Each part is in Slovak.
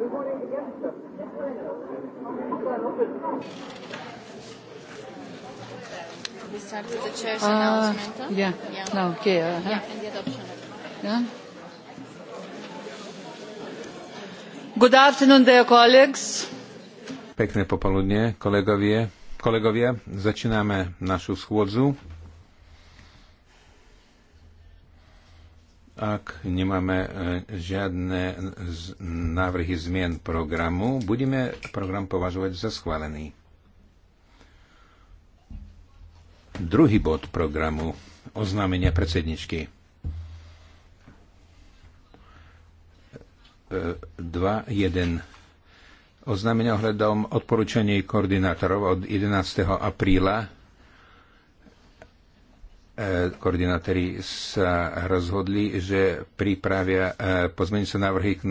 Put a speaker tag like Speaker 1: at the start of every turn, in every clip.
Speaker 1: We
Speaker 2: start with the chair's uh, announcement. Huh? Yeah. yeah. No, okay. Uh, huh? Yeah, and the adoption. Yeah. Good afternoon, dear colleagues.
Speaker 3: Pekné popoludne, kolegovie. Kolegovia, začíname našu schôdzu. Ak nemáme e, žiadne návrhy zmien programu, budeme program považovať za schválený. Druhý bod programu oznámenia predsedničky. E, dva, jeden oznámenia ohľadom odporúčaní koordinátorov od 11. apríla E, koordinátori sa rozhodli, že pripravia e, pozmeňujúce návrhy k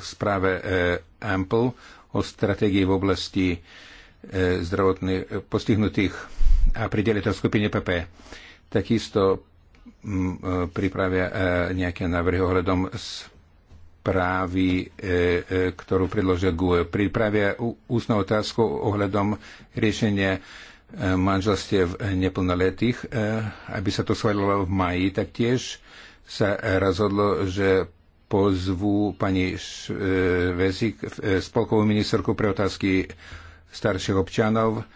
Speaker 3: správe e, Ample o stratégii v oblasti zdravotných postihnutých a pridelia to skupine PP. Takisto pripravia nejaké návrhy ohľadom správy, ktorú predložia GUE. Pripravia ústnu otázku ohľadom riešenia manželstiev eh, neplnoletých, eh, aby sa to schválilo v maji, tak tiež sa eh, rozhodlo, že pozvu pani Vezik, spolkovú ministerku pre otázky starších občanov,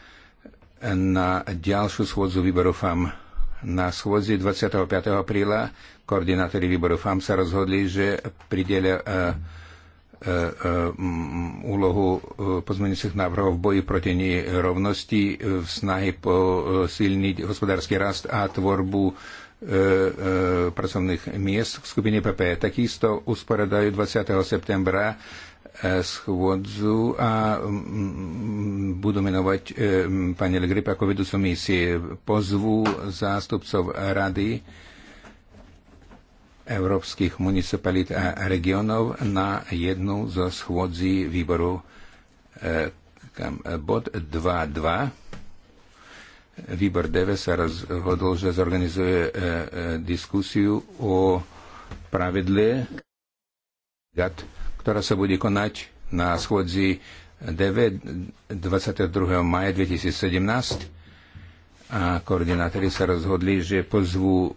Speaker 3: na ďalšiu schôdzu výboru FAM. Na schôdzi 25. apríla koordinátori výboru FAM sa rozhodli, že pridelia E, e, úlohu e, pozmeňujúcich návrhov v boji proti nerovnosti, v snahe posilniť hospodársky rast a tvorbu pracovných miest v skupine PP. Takisto usporadajú 20. septembra schôdzu a budú menovať pani Legrip ako vedúcu misie. Pozvu zástupcov rady európskych municipalit a regionov na jednu zo schôdzí výboru e, kam, e, bod 2.2. Výbor DV sa rozhodol, že zorganizuje e, diskusiu o pravidle ktorá sa bude konať na schôdzi DV 22. maja 2017 a koordinátori sa rozhodli, že pozvú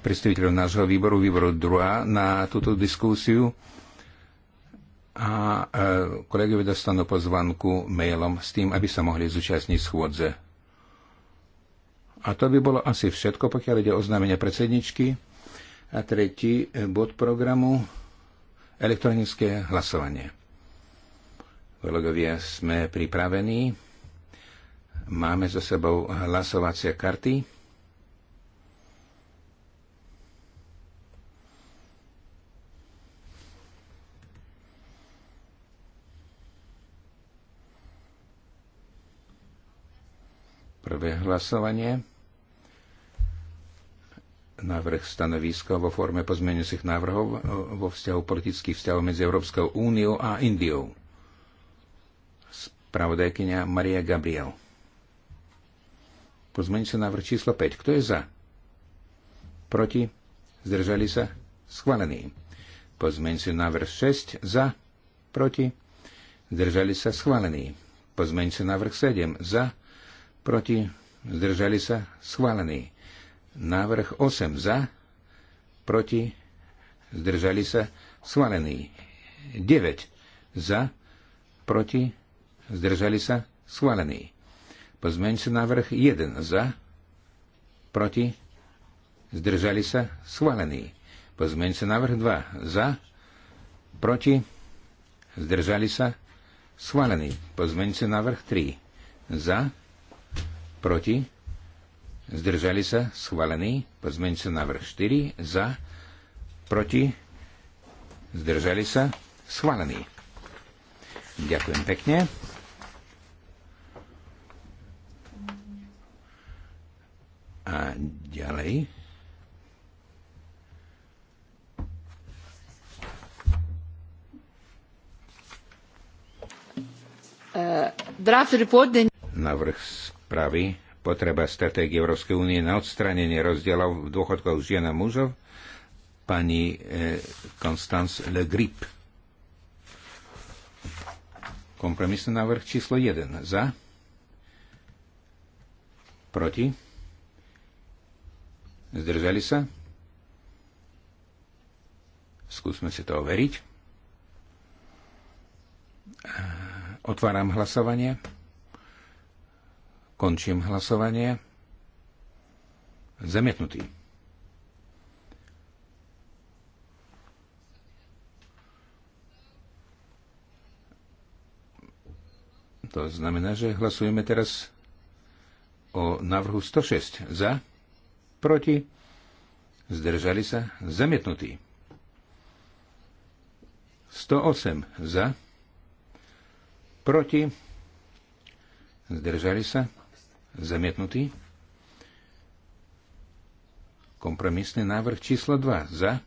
Speaker 3: predstaviteľov nášho výboru, výboru druhá na túto diskusiu a e, kolegovi dostanú pozvanku mailom s tým, aby sa mohli zúčastniť schôdze. A to by bolo asi všetko, pokiaľ ide o oznámenie predsedničky. A tretí e, bod programu elektronické hlasovanie. Kolegovia, sme pripravení. Máme za sebou hlasovacie karty. Prvé hlasovanie. Návrh stanoviska vo forme pozmeňujúcich návrhov vo vzťahu politických vzťahov medzi Európskou úniou a Indiou. Spravodajkynia Maria Gabriel. Pozmeňujúci návrh číslo 5. Kto je za? Proti? Zdržali sa? Schválený. Pozmeňujúci návrh 6. Za? Proti? Zdržali sa? Schválený. Pozmeňujúci návrh 7. Za? Proti? Zdržali sa? Schválený. Návrh 8. Za? Proti? Zdržali sa? Schválený. 9. Za? Proti? Zdržali sa? Schválený. Pozmeňujúci návrh 1 za, proti, zdržali sa, schválený. Pozmeňujúci návrh 2 za, proti, zdržali sa, schválený. Pozmeňujúci návrh 3 za, proti, zdržali sa, schválený. Pozmeňujúci návrh 4 za, proti, zdržali sa, schválený. Ďakujem pekne. A ďalej. Návrh spravy potreba stratégie Európskej únie na odstranenie rozdielov v dôchodkoch žien a mužov pani e, Constance Le Grip. Kompromisný návrh číslo 1. Za. Proti. Zdržali sa? Skúsme si to overiť. Otváram hlasovanie. Končím hlasovanie. Zamietnutý. To znamená, že hlasujeme teraz o návrhu 106 za proti, zdržali sa, zamietnutí. 108 za, proti, zdržali sa, zamietnutí. Kompromisný návrh číslo 2 za,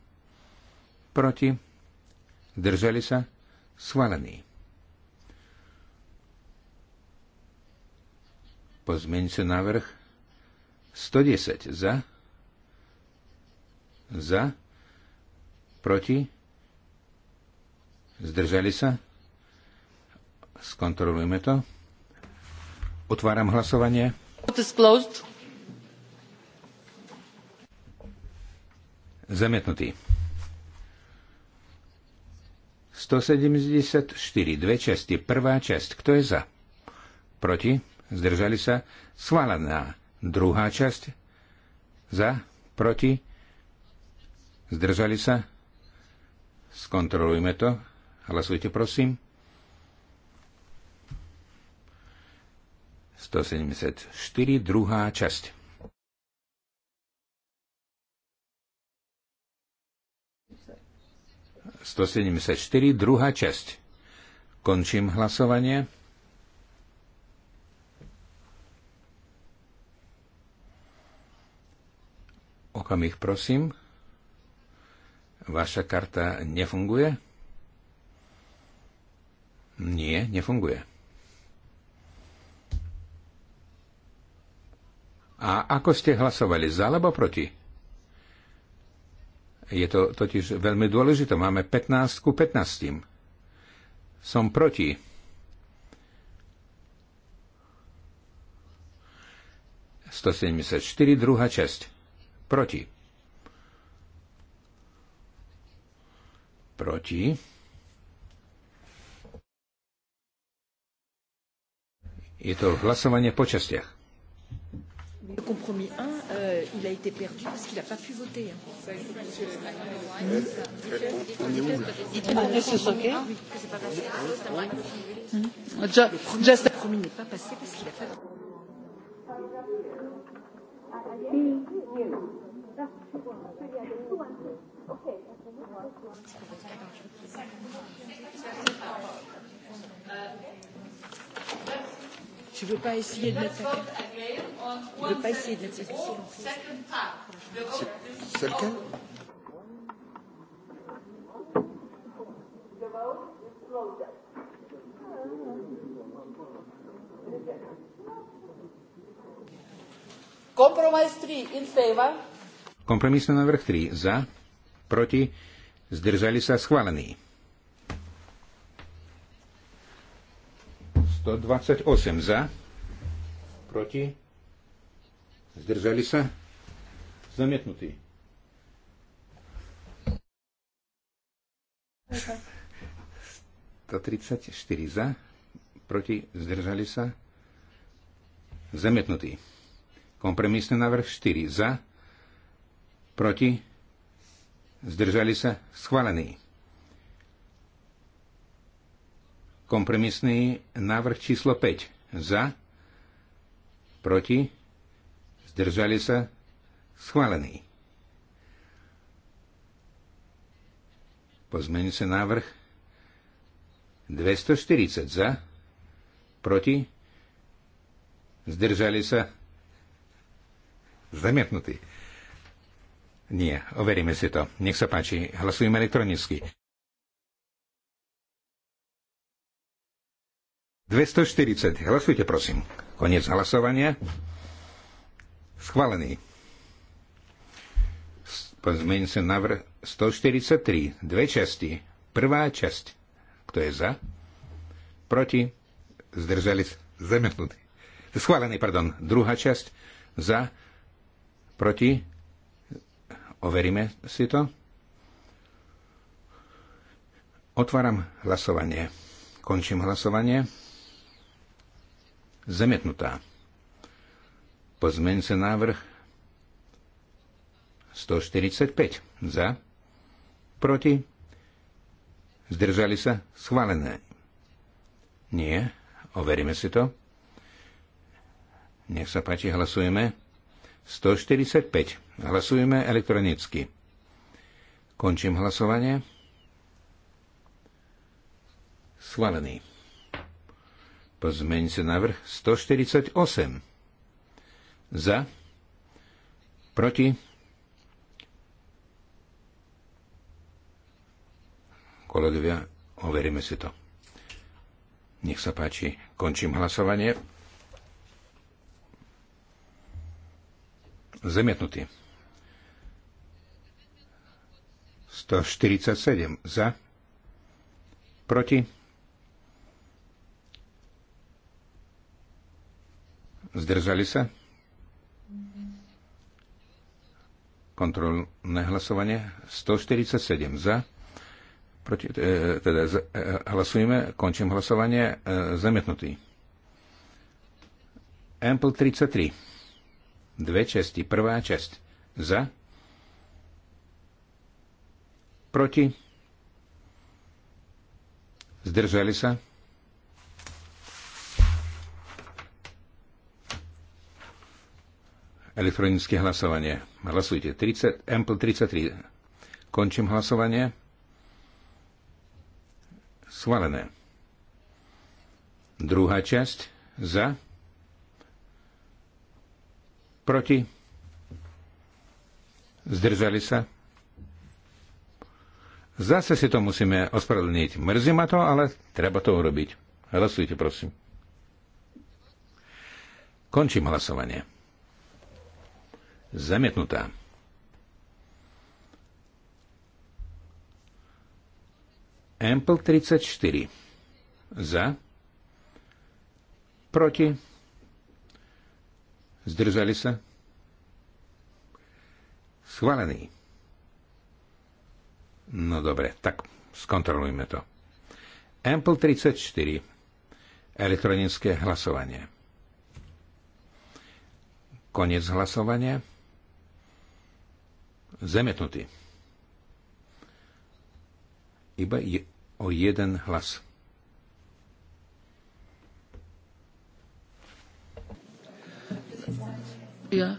Speaker 3: proti, zdržali sa, schválený. Pozmeň sa návrh 110 za, za, proti, zdržali sa, skontrolujme to. Otváram hlasovanie. Zamietnutý. 174. Dve časti. Prvá časť. Kto je za? Proti? Zdržali sa? Svalená. Druhá časť. Za, proti, zdržali sa. Skontrolujme to. Hlasujte, prosím. 174, druhá časť. ...174, druhá časť. Končím hlasovanie. Okamih, prosím. Vaša karta nefunguje? Nie, nefunguje. A ako ste hlasovali, za alebo proti? Je to totiž veľmi dôležité. Máme 15 ku 15. Som proti. Sto štyri, druhá časť. Proti. Proti. Je to hlasovanie po častiach.
Speaker 1: Le compromis euh, a été perdu parce qu'il n'a pas pu voter. Tu veux pas essayer de mettre ça
Speaker 2: Tu veux pas essayer de mettre ça C'est lequel Compromise 3 in favor.
Speaker 3: Kompromisný návrh 3 za, proti, zdržali sa schválení. 128 za, proti, zdržali sa, zamietnutí. Okay. 134 za, proti, zdržali sa, Zamietnutý. Kompromisný návrh 4 za, proti, zdržali sa, schválený. Kompromisný návrh číslo 5. Za, proti, zdržali sa, schválený. Pozmení sa návrh 240 za, proti, zdržali sa, zamietnutý. Nie, overíme si to. Nech sa páči, hlasujeme elektronicky. 240. Hlasujte, prosím. Koniec hlasovania. Schválený. Zmeň sa návrh 143. Dve časti. Prvá časť. Kto je za? Proti? Zdržali zamietnutí. Schválený, pardon. Druhá časť. Za? Proti? Overíme si to. Otváram hlasovanie. Končím hlasovanie. Zemetnutá. Pozmeň sa návrh 145. Za. Proti. Zdržali sa. Schválené. Nie. Overíme si to. Nech sa páči, hlasujeme. 145. Hlasujeme elektronicky. Končím hlasovanie. Schválený. Pozmeň sa navrh. 148. Za. Proti. Kolegovia, overíme si to. Nech sa páči. Končím hlasovanie. Zamietnutý. 147 za. Proti. Zdržali sa. Kontrolné hlasovanie. 147 za. Proti, e, teda e, hlasujeme. Končím hlasovanie. E, zamietnutý. Ample 33. Dve časti. Prvá časť. Za. Proti. Zdržali sa. Elektronické hlasovanie. Hlasujte. 30, Ample 33. Končím hlasovanie. Schválené. Druhá časť. Za. Proti? Zdržali sa? Zase si to musíme ospravedlniť. Mrzí ma to, ale treba to urobiť. Hlasujte, prosím. Končím hlasovanie. Zamietnutá. Ample 34. Za. Proti. Zdržali sa? Schválený. No dobre, tak skontrolujme to. Ample 34. Elektronické hlasovanie. Konec hlasovania. Zemetnutý. Iba je o jeden
Speaker 2: hlas. Yeah.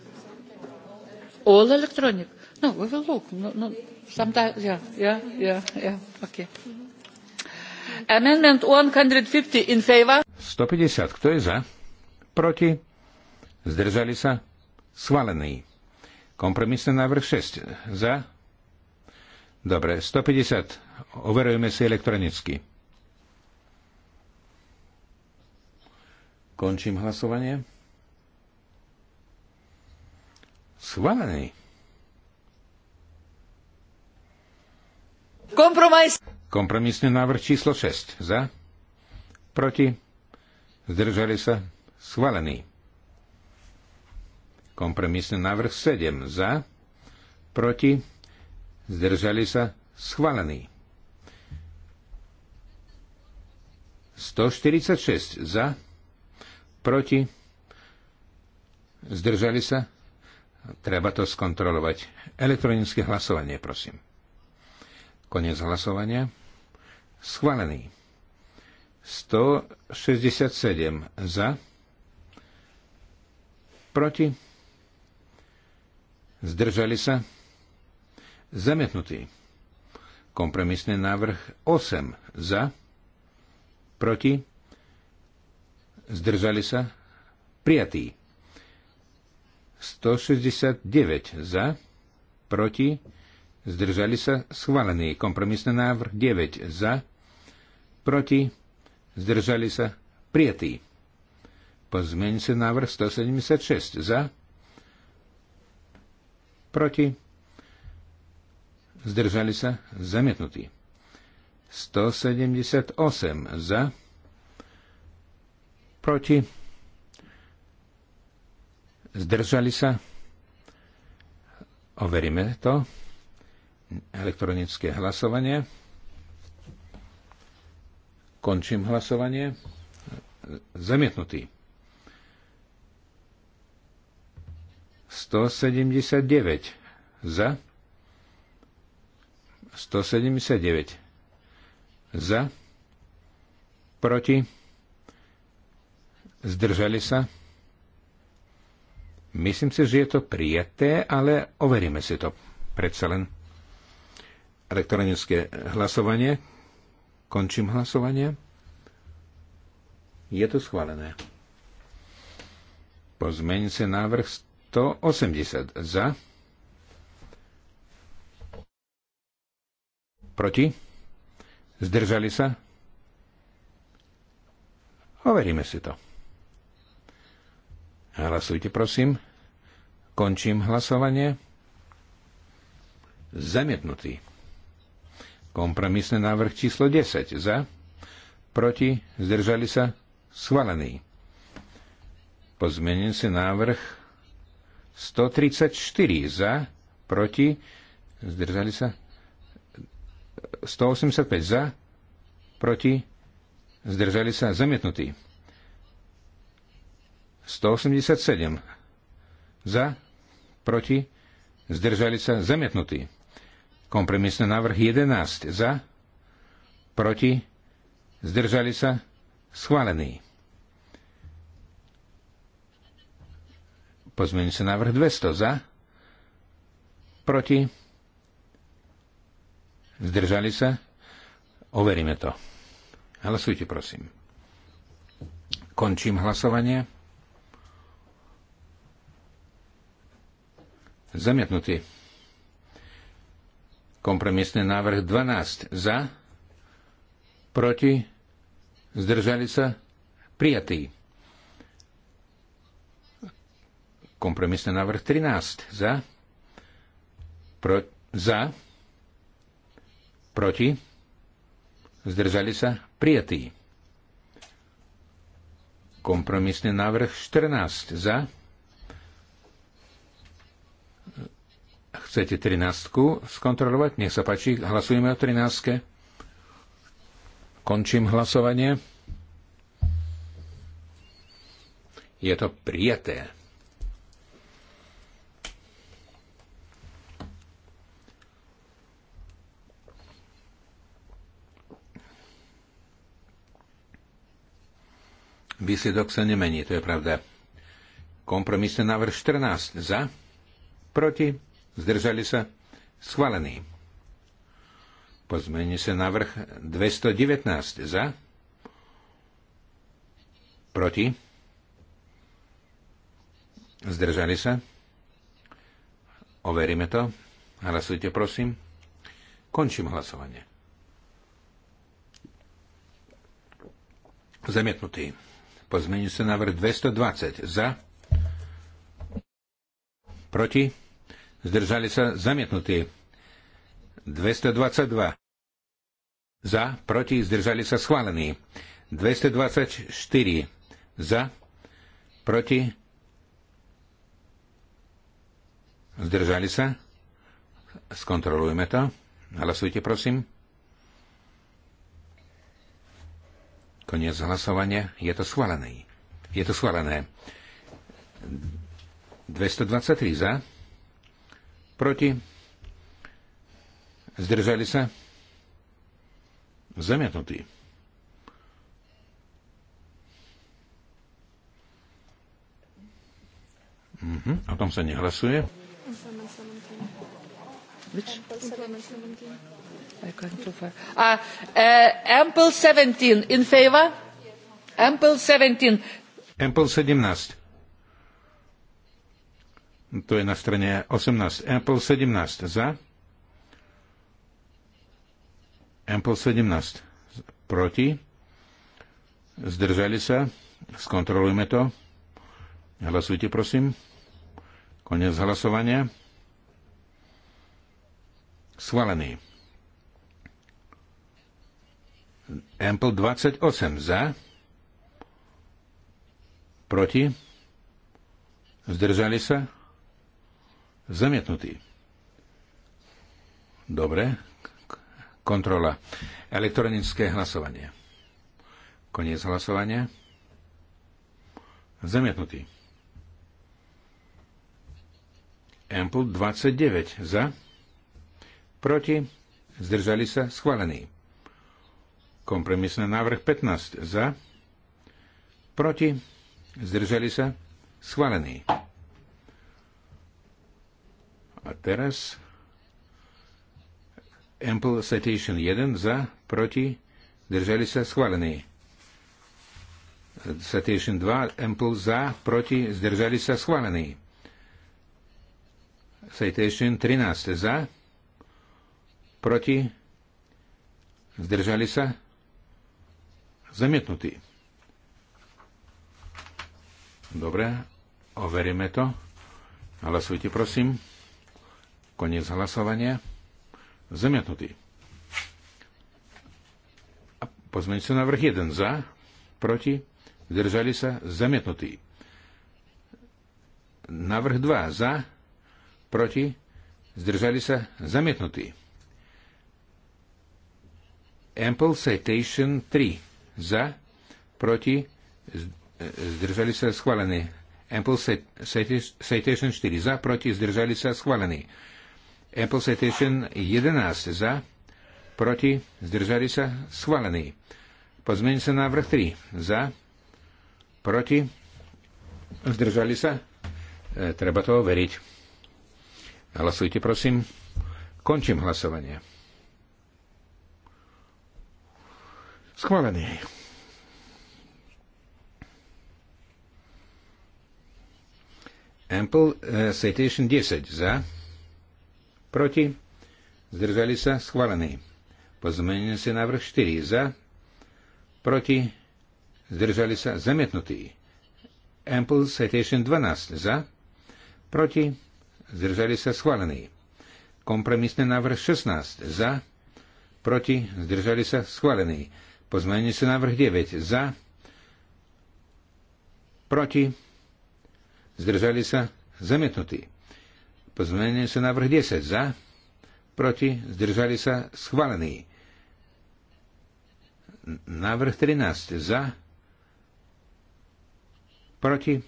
Speaker 2: All electronic. No, we will look. No, no. Sometimes, yeah, yeah, yeah, yeah. Okay. Amendment 150 in favor.
Speaker 3: 150. Kto je za? Proti? Zdržali sa? Schválený. Kompromisný návrh 6. Za? Dobre, 150. Overujeme si elektronicky. Končím hlasovanie. Schválený.
Speaker 1: Kompromis.
Speaker 3: Kompromisný návrh číslo 6. Za. Proti. Zdržali sa. Schválený. Kompromisný návrh 7. Za. Proti. Zdržali sa. Schválený. 146 za, proti, zdržali sa, Treba to skontrolovať. Elektronické hlasovanie, prosím. Konec hlasovania. Schválený. 167 za. Proti. Zdržali sa. Zamietnutý. Kompromisný návrh 8 za. Proti. Zdržali sa. Prijatý. 169 za, proti, zdržali sa schválený. Kompromisný návrh 9 za, proti, zdržali sa prijatý. sa návrh 176 za, proti, zdržali sa zamietnutí. 178 za, proti, Zdržali sa? Overíme to. Elektronické hlasovanie. Končím hlasovanie. Zamietnutý. 179 za 179 za proti zdržali sa Myslím si, že je to prijaté, ale overíme si to. Predsa len elektronické hlasovanie. Končím hlasovanie. Je to schválené. Pozmeň sa návrh 180 za. Proti? Zdržali sa? Overíme si to. Hlasujte, prosím. Končím hlasovanie. Zamietnutý. Kompromisný návrh číslo 10. Za. Proti. Zdržali sa. Schválený. Pozmením si návrh 134. Za. Proti. Zdržali sa. 185 za, proti, zdržali sa, zamietnutí. 187 za, proti, zdržali sa zamietnutí. Kompromisný návrh 11 za, proti, zdržali sa schválený. sa návrh 200 za, proti, zdržali sa, overíme to. Hlasujte, prosím. Končím hlasovanie. Zamietnutý. Kompromisný návrh 12 za, proti, zdržali sa, prijatý. Kompromisný návrh 13 za, pro, za, proti, zdržali sa, prijatý. Kompromisný návrh 14 za, Chcete 13 skontrolovať? Nech sa páči, hlasujeme o 13. Končím hlasovanie. Je to prijaté. Výsledok sa nemení, to je pravda. Kompromisný návrh 14 za, proti, Zdržali sa? Schválený. Pozmeni sa návrh 219 za. Proti. Zdržali sa? Overíme to. Hlasujte, prosím. Končím hlasovanie. Zamietnutý. Pozmeni sa návrh 220 za. Proti. Zdržali sa zamietnutí. 222. Za, proti, zdržali sa schválení. 224. Za, proti, zdržali sa. Skontrolujme to. Hlasujte, prosím. Koniec hlasovania. Je to schválené. Je to schválené. 223 za. Proti? Zdržali sa? Zamietnutý. Mhm, O tom sa nehlasuje. Which? I
Speaker 2: can't too far. Uh, uh, ample 17 in favor? Ample 17.
Speaker 3: Ample 17. To je na strane 18. Apple 17 za. Apple 17 proti. Zdržali sa. Skontrolujme to. Hlasujte, prosím. Konec hlasovania. Schválený. Ample 28 za. Proti. Zdržali sa. Zamietnutý. Dobre. Kontrola. Elektronické hlasovanie. Koniec hlasovania. Zamietnutý. Ample 29 za. Proti. Zdržali sa. Schválený. Kompromisný návrh 15 za. Proti. Zdržali sa. Schválený. A teraz Ample Citation 1 za, proti, držali sa schválení. Citation 2, Ample za, proti, zdržali sa schválení. Citation 13 za, proti, zdržali sa zamietnutí. Dobre, overíme to. Hlasujte, prosím. Koniec hlasovania. Zamietnutý. A pozmeň pozmeňujúci návrh 1 za, proti, zdržali sa, zamietnutý. Navrh 2 za, proti, zdržali sa, zamietnutý. Ample Citation 3 za, proti, zdržali sa, schválený. Ample Citation 4 za, proti, zdržali sa, schválený. Apple Citation 11 za, proti, zdržali sa, schválený. Pozmeň sa návrh 3 za, proti, zdržali sa, e, treba to overiť. Hlasujte, prosím. Končím hlasovanie. Schválený. Ample uh, Citation 10 za Proti? Zdržali sa? Schválený. si návrh 4. Za? Proti? Zdržali sa? Zamietnutý. Ample Citation 12. Za? Proti? Zdržali sa? Schválený. Kompromisný návrh 16. Za? Proti? Zdržali sa? Schválený. si návrh 9. Za? Proti? Zdržali sa? Zamietnutý. Pozmenujúci návrh 10 za, proti, zdržali sa, schválený. Návrh 13 za, proti,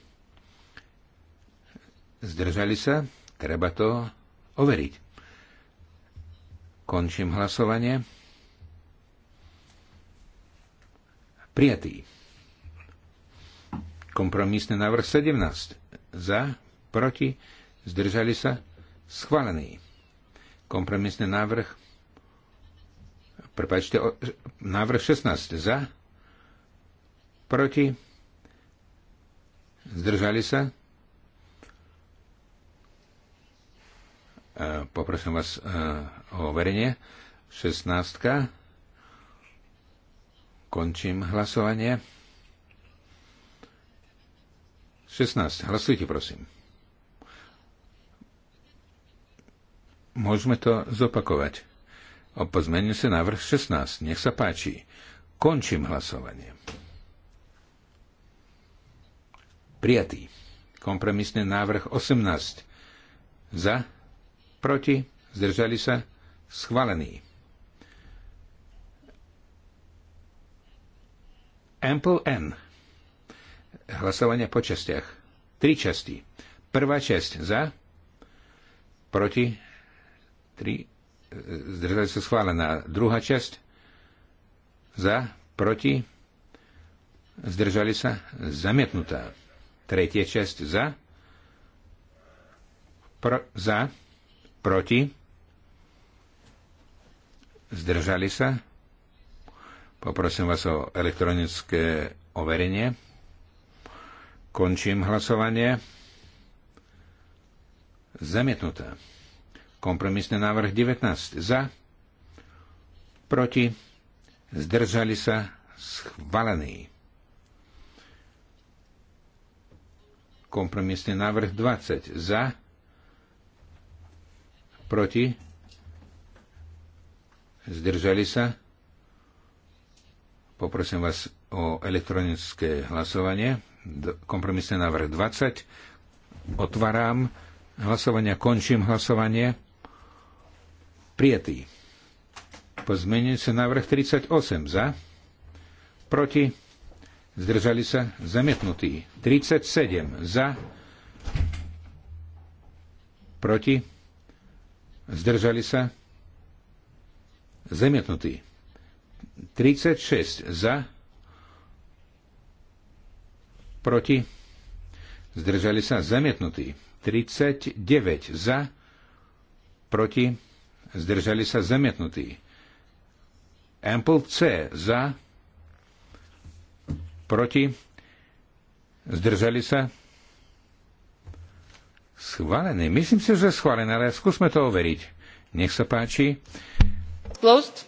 Speaker 3: zdržali sa, treba to overiť. Končím hlasovanie. Prijatý. Kompromisný návrh 17. Za, proti, zdržali sa, schválený. Kompromisný návrh, Prepačte, návrh 16 za, proti, zdržali sa. E, poprosím vás e, o verenie. 16. Končím hlasovanie. 16. Hlasujte, prosím. Môžeme to zopakovať. O pozmeniu sa návrh 16. Nech sa páči. Končím hlasovanie. Prijatý. Kompromisný návrh 18. Za, proti, zdržali sa, schválený. Ample N. Hlasovanie po častiach. Tri časti. Prvá časť za, proti, 3. Zdržali sa schválená. Druhá časť. Za, proti. Zdržali sa zamietnutá. Tretia časť za. Pro, za, proti. Zdržali sa. Poprosím vás o elektronické overenie. Končím hlasovanie. Zamietnutá. Kompromisný návrh 19. Za. Proti. Zdržali sa. Schválený. Kompromisný návrh 20. Za. Proti. Zdržali sa. Poprosím vás o elektronické hlasovanie. Kompromisný návrh 20. Otváram hlasovanie, končím hlasovanie. Prijatý. Pozmenujúci návrh 38 za. Proti. Zdržali sa. Zamietnutý. 37 za. Proti. Zdržali sa. Zamietnutý. 36 za. Proti. Zdržali sa. Zamietnutý. 39 za. Proti zdržali sa zamietnutí. Ample C za, proti, zdržali sa schválený. Myslím si, že schválený, ale skúsme to overiť. Nech sa páči.
Speaker 2: Closed.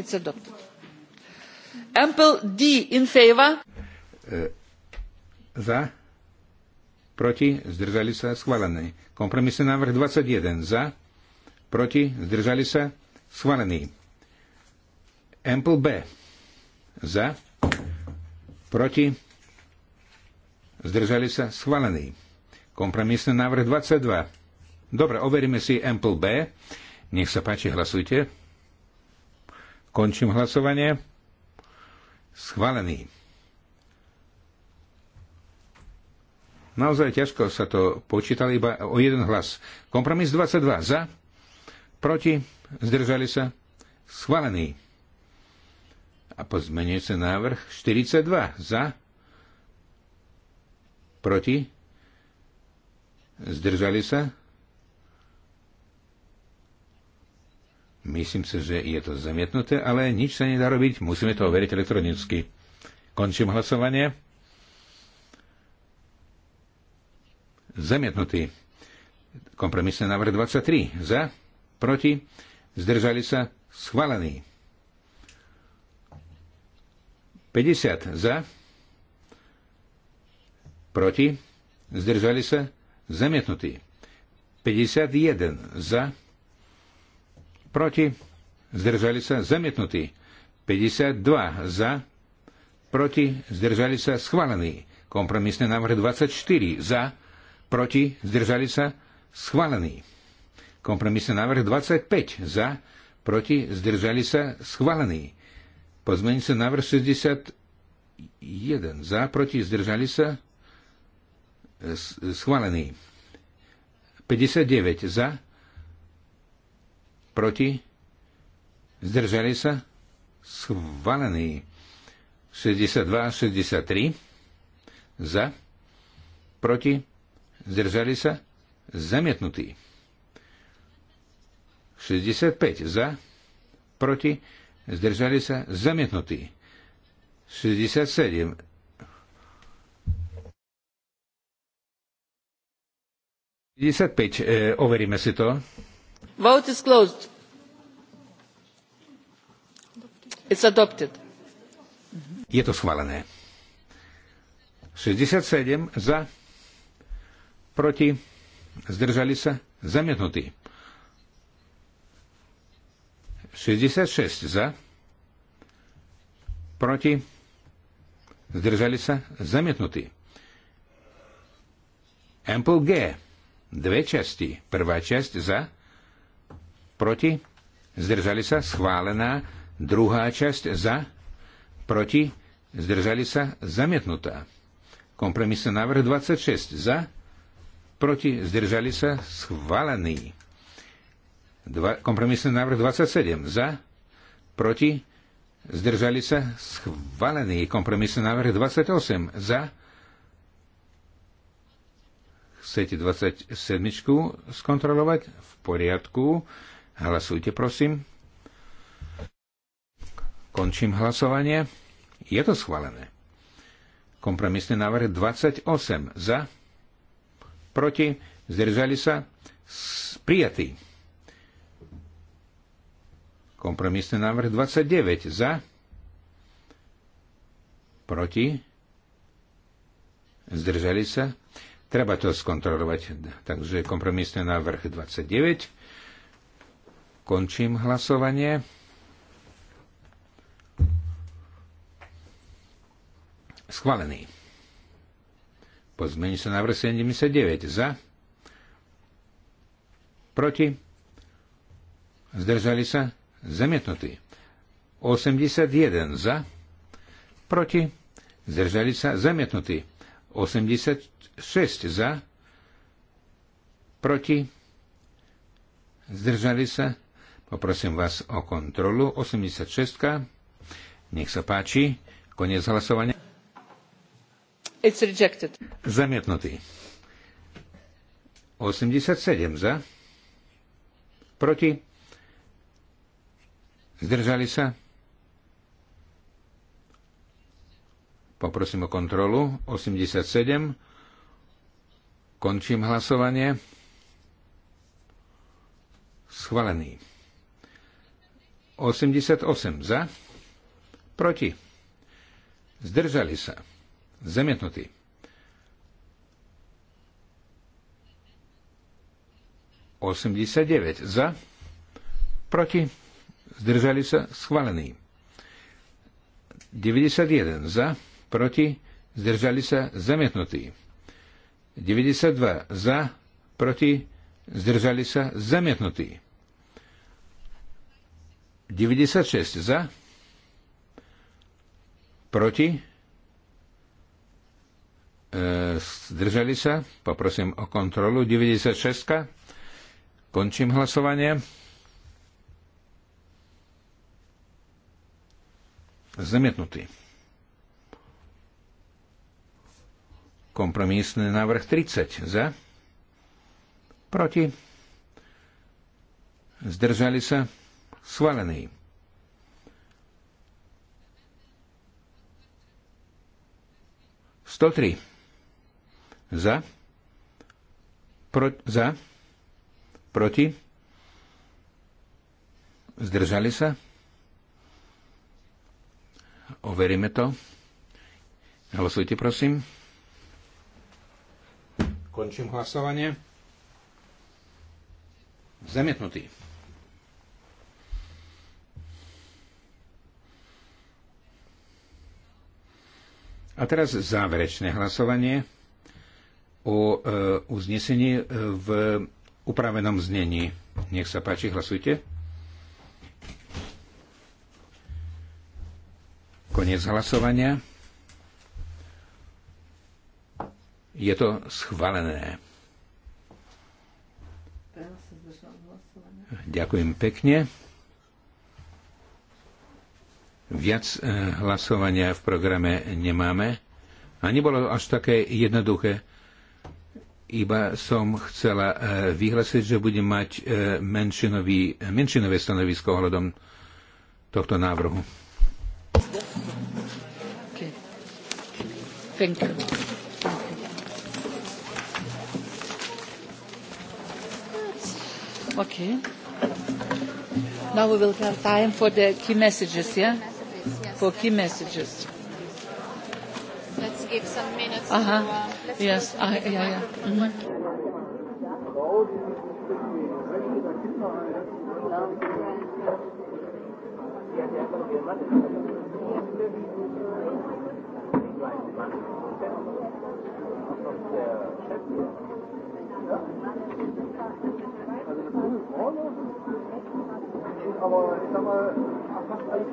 Speaker 2: It's adopted. Ample D in favor.
Speaker 3: E, za proti, zdržali sa, schválený. Kompromisný návrh 21 za, proti, zdržali sa, schválený. Ample B za, proti, zdržali sa, schválený. Kompromisný návrh 22. Dobre, overíme si Ample B. Nech sa páči, hlasujte. Končím hlasovanie. Schválený. Naozaj ťažko sa to počítalo, iba o jeden hlas. Kompromis 22 za, proti, zdržali sa, schválený. A pozmenujúci návrh 42 za, proti, zdržali sa, Myslím si, že je to zamietnuté, ale nič sa nedá robiť, musíme to overiť elektronicky. Končím hlasovanie. Zamietnutý. Kompromisný návrh 23. Za? Proti? Zdržali sa? Schválený. 50. Za? Proti? Zdržali sa? Zamietnutý. 51. za, Proti? Zdržali sa? Zamietnutý. 52. za, Proti? Zdržali sa? Schválený. Kompromisný návrh 24. За? proti, zdržali sa, schválený. Kompromisný návrh 25 za, proti, zdržali sa, schválený. Pozmeňujúci návrh 61 za, proti, zdržali sa, schválený. 59 za, proti, zdržali sa, schválený. 62 63 za, proti, zdržali sa, zamietnutý. 65 za, proti, zdržali sa, zamietnutý. 67 e, overíme si to.
Speaker 1: Vote is closed. It's adopted.
Speaker 3: Je to schválené. 67 za, proti, zdržali sa, zamietnutí. 66 za, proti, zdržali sa, zamietnutí. Ample G, dve časti, prvá časť za, proti, zdržali sa, schválená, druhá časť za, proti, zdržali sa, zamietnutá. Kompromisný návrh 26 za, proti, zdržali sa, schválený. Dva, kompromisný návrh 27 za, proti, zdržali sa, schválený. Kompromisný návrh 28 za, chcete 27 skontrolovať? V poriadku. Hlasujte, prosím. Končím hlasovanie. Je to schválené. Kompromisný návrh 28 za, proti, zdržali sa, prijatý. Kompromisný návrh 29 za, proti, zdržali sa. Treba to skontrolovať. Takže kompromisný návrh 29. Končím hlasovanie. Schválený. Pozmení sa návrh 79. Za. Proti. Zdržali sa. Zamietnutý. 81. Za. Proti. Zdržali sa. Zamietnutý. 86. Za. Proti. Zdržali sa. Poprosím vás o kontrolu. 86. Nech sa páči. Koniec hlasovania.
Speaker 1: It's rejected.
Speaker 3: Zamietnutý. 87 za. Proti. Zdržali sa. Poprosím o kontrolu. 87. Končím hlasovanie. Schválený. 88 za. Proti. Zdržali sa zemietnutý. Osemdesiat deväť za, proti, zdržali sa, schválený. 91 za, proti, zdržali sa, zamietnutý. 92 za, proti, zdržali sa, zamietnutý. 96 za, proti, E, zdržali sa? Poprosím o kontrolu. 96. Končím hlasovanie. Zamietnutý. Kompromisný návrh 30. Za? Proti? Zdržali sa? Svalený. Сто три. Za. Pro, za. Proti. Zdržali sa. Overíme to. Hlasujte, prosím. Končím hlasovanie. Zamietnutý. A teraz záverečné hlasovanie o e, uznesení e, v upravenom znení. Nech sa páči, hlasujte. Konec hlasovania. Je to schválené. Ďakujem pekne. Viac e, hlasovania v programe nemáme. A nebolo až také jednoduché iba som chcela e, vyhlásiť, že budem mať e, menšinový, menšinové stanovisko ohľadom tohto návrhu.
Speaker 1: Okay. Thank you. Thank
Speaker 2: you. Okay. Now we will have time for the key messages, yeah? Key messages, yes. For key messages
Speaker 1: give some minutes uh -huh. to... Uh-huh. Uh, let's yes, uh, yeah, yeah. Mm -hmm. Aber ich sag mal, fast alles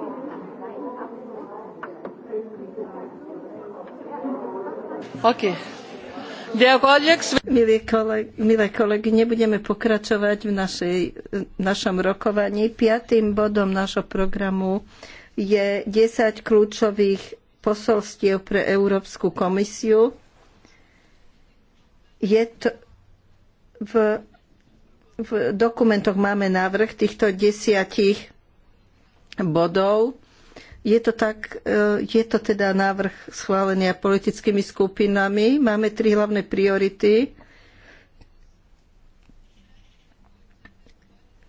Speaker 4: Milé, koleg- milé kolegyne, budeme pokračovať v našej, našom rokovaní. Piatým bodom nášho programu je 10 kľúčových posolstiev pre Európsku komisiu. Je to v, v dokumentoch máme návrh týchto desiatich bodov je to, tak, e, je to teda návrh schválenia politickými skupinami. Máme tri hlavné priority.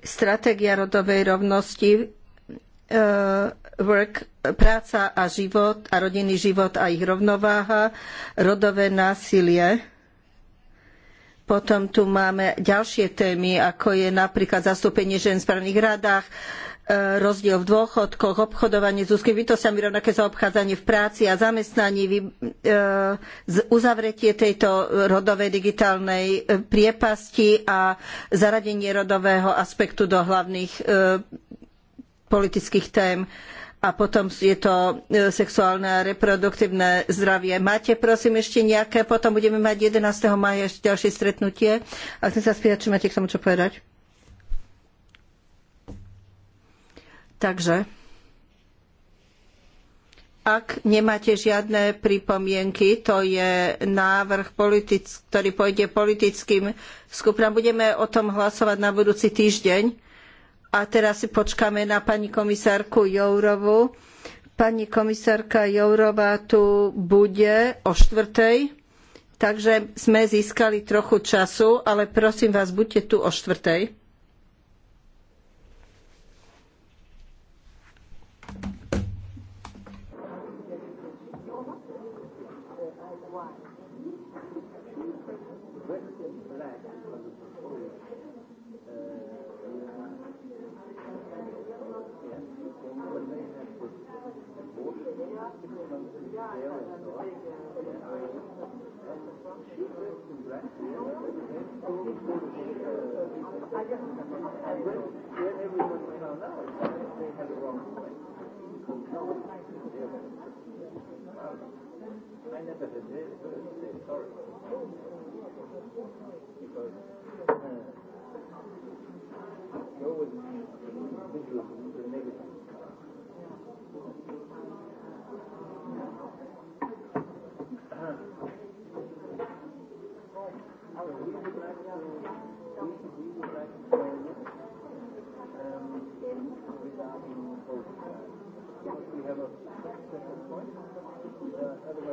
Speaker 4: Stratégia rodovej rovnosti, e, work, práca a život a rodinný život a ich rovnováha, rodové násilie. Potom tu máme ďalšie témy, ako je napríklad zastúpenie žen v správnych radách, rozdiel v dôchodkoch, obchodovanie s úzkými bytostiami, rovnaké zaobchádzanie v práci a zamestnaní, e, uzavretie tejto rodovej digitálnej e, priepasti a zaradenie rodového aspektu do hlavných e, politických tém a potom je to sexuálne a reproduktívne zdravie. Máte prosím ešte nejaké? Potom budeme mať 11. maja ešte ďalšie stretnutie. A chcem sa spýtať, či máte k tomu čo povedať. Takže ak nemáte žiadne pripomienky, to je návrh, politic, ktorý pôjde politickým skupinám. Budeme o tom hlasovať na budúci týždeň. A teraz si počkáme na pani komisárku Jourovu. Pani komisárka Jourová tu bude o štvrtej, takže sme získali trochu času, ale prosím vás, buďte tu o štvrtej.
Speaker 1: never did it. Sorry.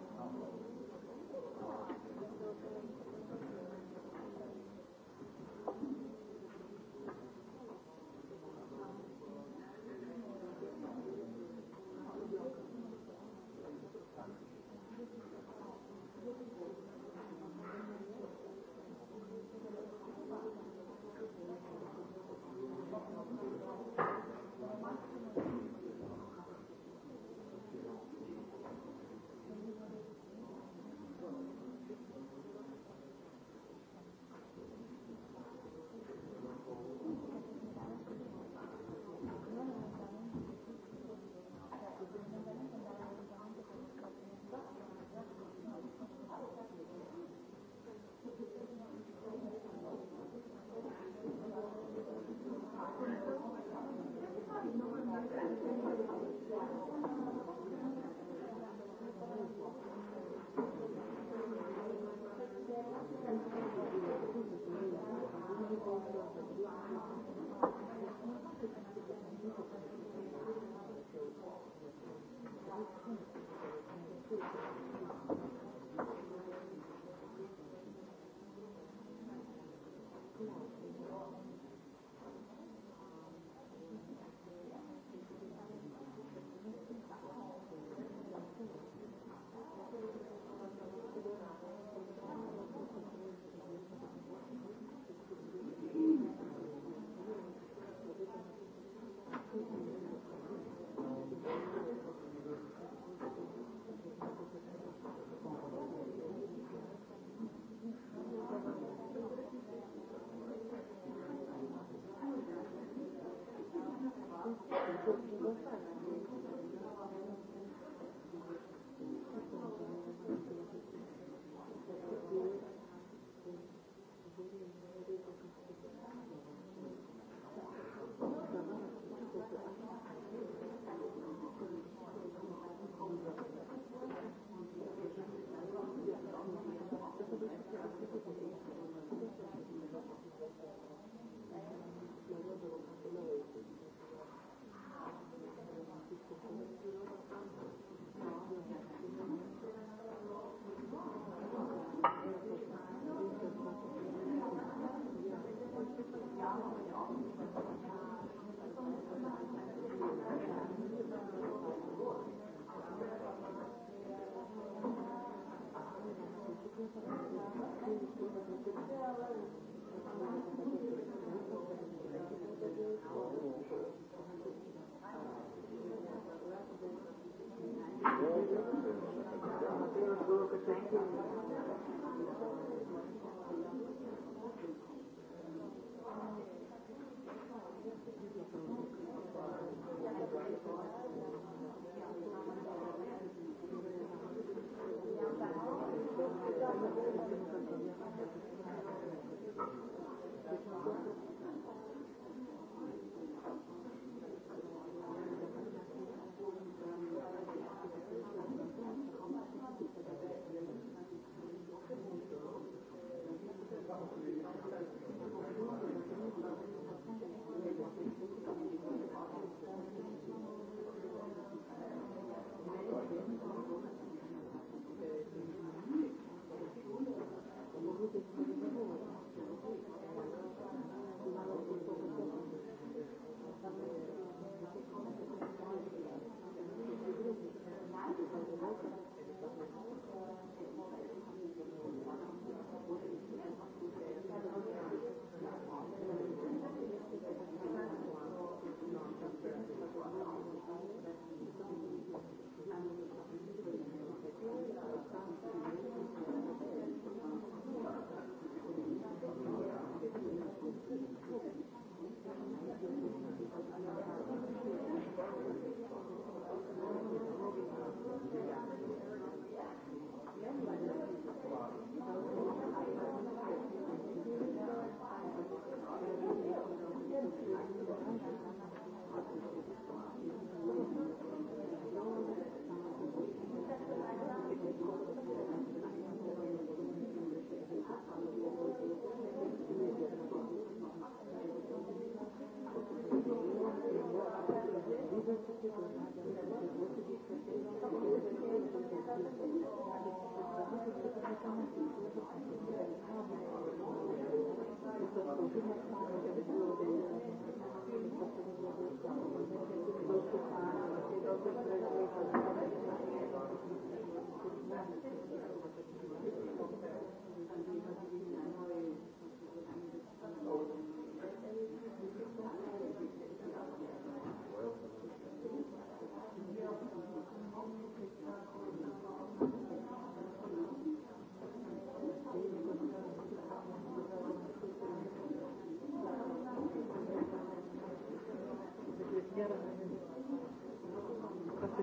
Speaker 1: Thank you.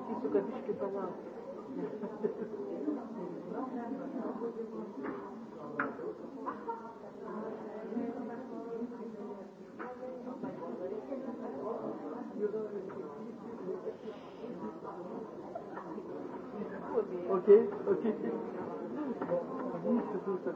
Speaker 2: Ты, сука, фишки
Speaker 1: понял. Окей, окей. Здесь, тут, так.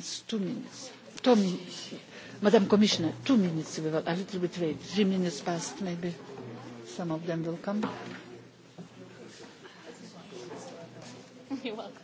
Speaker 2: minutes, two minutes, two minutes. Madam Commissioner, two minutes, we will a little bit late, three minutes past maybe. Some of them will come.
Speaker 1: You're welcome.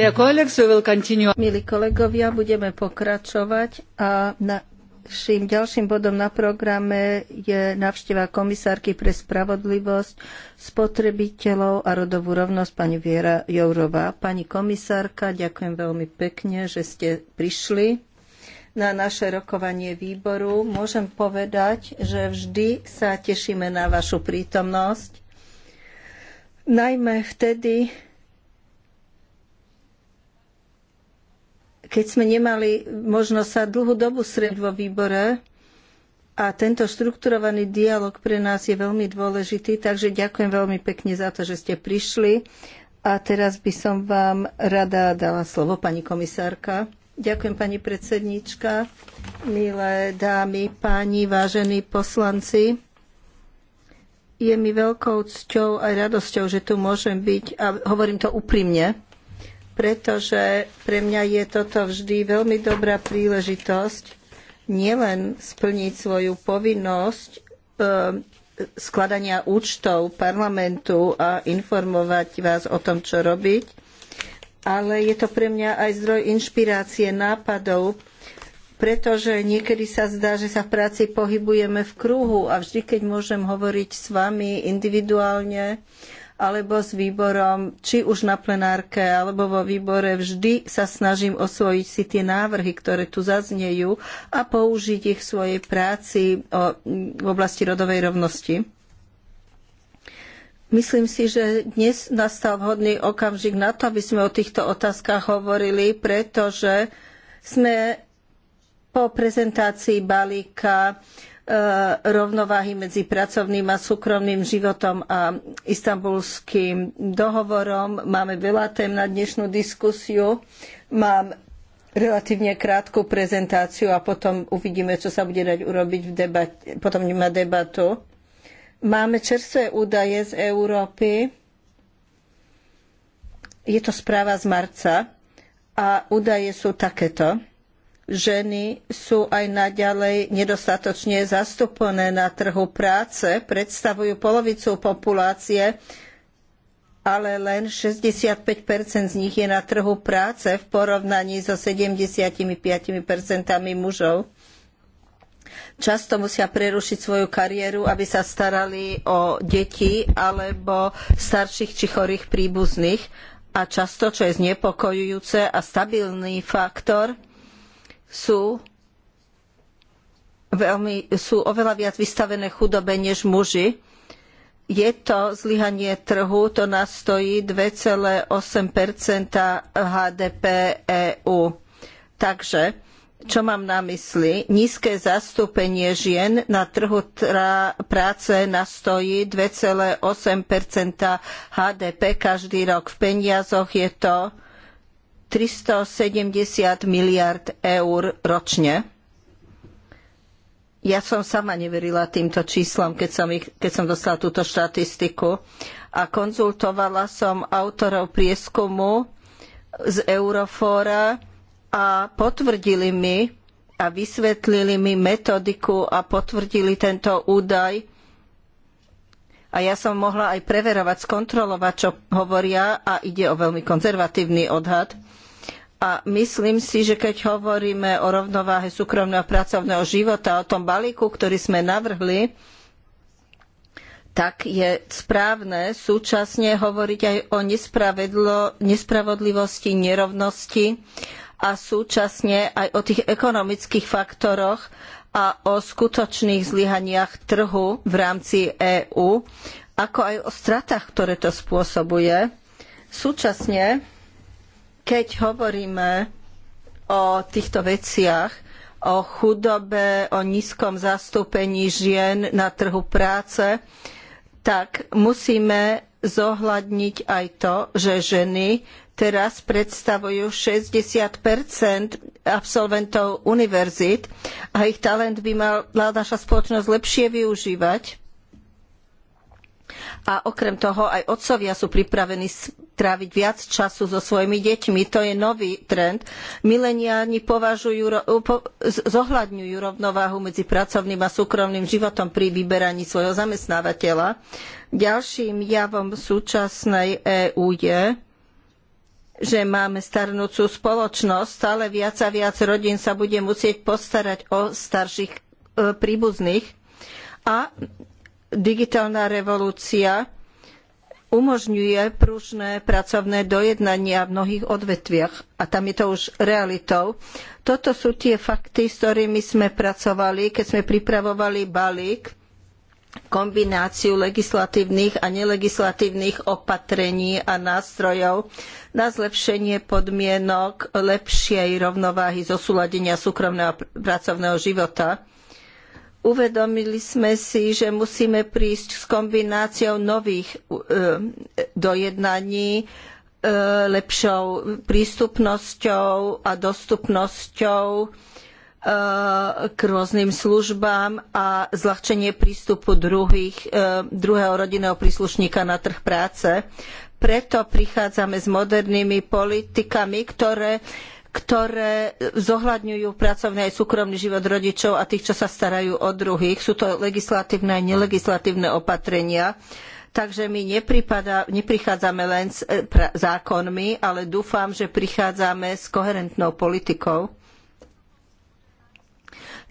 Speaker 4: Milí kolegovia, budeme pokračovať a našim ďalším bodom na programe je návšteva komisárky pre spravodlivosť, spotrebiteľov a rodovú rovnosť pani Viera Jourová. Pani komisárka, ďakujem veľmi pekne, že ste prišli na naše rokovanie výboru. Môžem povedať, že vždy sa tešíme na vašu prítomnosť, najmä vtedy, keď sme nemali možnosť sa dlhú dobu srieť vo výbore a tento štrukturovaný dialog pre nás je veľmi dôležitý, takže ďakujem veľmi pekne za to, že ste prišli. A teraz by som vám rada dala slovo, pani komisárka. Ďakujem, pani predsednička, milé dámy, páni, vážení poslanci. Je mi veľkou cťou aj radosťou, že tu môžem byť a hovorím to úprimne pretože pre mňa je toto vždy veľmi dobrá príležitosť nielen splniť svoju povinnosť e, skladania účtov parlamentu a informovať vás o tom, čo robiť, ale je to pre mňa aj zdroj inšpirácie, nápadov, pretože niekedy sa zdá, že sa v práci pohybujeme v kruhu a vždy, keď môžem hovoriť s vami individuálne alebo s výborom, či už na plenárke, alebo vo výbore, vždy sa snažím osvojiť si tie návrhy, ktoré tu zaznejú a použiť ich v svojej práci v oblasti rodovej rovnosti. Myslím si, že dnes nastal vhodný okamžik na to, aby sme o týchto otázkach hovorili, pretože sme po prezentácii balíka E, rovnováhy medzi pracovným a súkromným životom a istambulským dohovorom. Máme veľa tém na dnešnú diskusiu. Mám relatívne krátku prezentáciu a potom uvidíme, čo sa bude dať urobiť v debate. Potom nemá debatu. Máme čerstvé údaje z Európy. Je to správa z marca a údaje sú takéto ženy sú aj naďalej nedostatočne zastúpené na trhu práce, predstavujú polovicu populácie, ale len 65 z nich je na trhu práce v porovnaní so 75 mužov. Často musia prerušiť svoju kariéru, aby sa starali o deti alebo starších či chorých príbuzných. A často, čo je znepokojujúce a stabilný faktor, sú veľmi, sú oveľa viac vystavené chudobe než muži. Je to zlyhanie trhu, to nás stojí 2,8 HDP EÚ. Takže, čo mám na mysli? Nízke zastúpenie žien na trhu práce nás stojí 2,8 HDP každý rok. V peniazoch je to 370 miliard eur ročne. Ja som sama neverila týmto číslom, keď som, ich, keď som dostala túto štatistiku. A konzultovala som autorov prieskumu z Eurofóra a potvrdili mi a vysvetlili mi metodiku a potvrdili tento údaj, a ja som mohla aj preverovať, skontrolovať, čo hovoria a ide o veľmi konzervatívny odhad. A myslím si, že keď hovoríme o rovnováhe súkromného a pracovného života, o tom balíku, ktorý sme navrhli, tak je správne súčasne hovoriť aj o nespravodlivosti, nerovnosti a súčasne aj o tých ekonomických faktoroch a o skutočných zlyhaniach trhu v rámci EÚ, ako aj o stratách, ktoré to spôsobuje. Súčasne keď hovoríme o týchto veciach, o chudobe, o nízkom zastúpení žien na trhu práce, tak musíme zohľadniť aj to, že ženy teraz predstavujú 60 absolventov univerzít a ich talent by mala naša spoločnosť lepšie využívať. A okrem toho aj otcovia sú pripravení tráviť viac času so svojimi deťmi. To je nový trend. Mileniáni považujú, zohľadňujú rovnováhu medzi pracovným a súkromným životom pri vyberaní svojho zamestnávateľa. Ďalším javom súčasnej EÚ je, že máme starnúcu spoločnosť. Stále viac a viac rodín sa bude musieť postarať o starších e, príbuzných. A digitálna revolúcia umožňuje pružné pracovné dojednania v mnohých odvetviach a tam je to už realitou. Toto sú tie fakty, s ktorými sme pracovali, keď sme pripravovali balík kombináciu legislatívnych a nelegislatívnych opatrení a nástrojov na zlepšenie podmienok lepšej rovnováhy zosúladenia súkromného a pracovného života Uvedomili sme si, že musíme prísť s kombináciou nových e, dojednaní, e, lepšou prístupnosťou a dostupnosťou e, k rôznym službám a zľahčenie prístupu druhých, druhého rodinného príslušníka na trh práce. Preto prichádzame s modernými politikami, ktoré ktoré zohľadňujú pracovný aj súkromný život rodičov a tých, čo sa starajú o druhých. Sú to legislatívne aj nelegislatívne opatrenia. Takže my neprichádzame len s e, zákonmi, ale dúfam, že prichádzame s koherentnou politikou.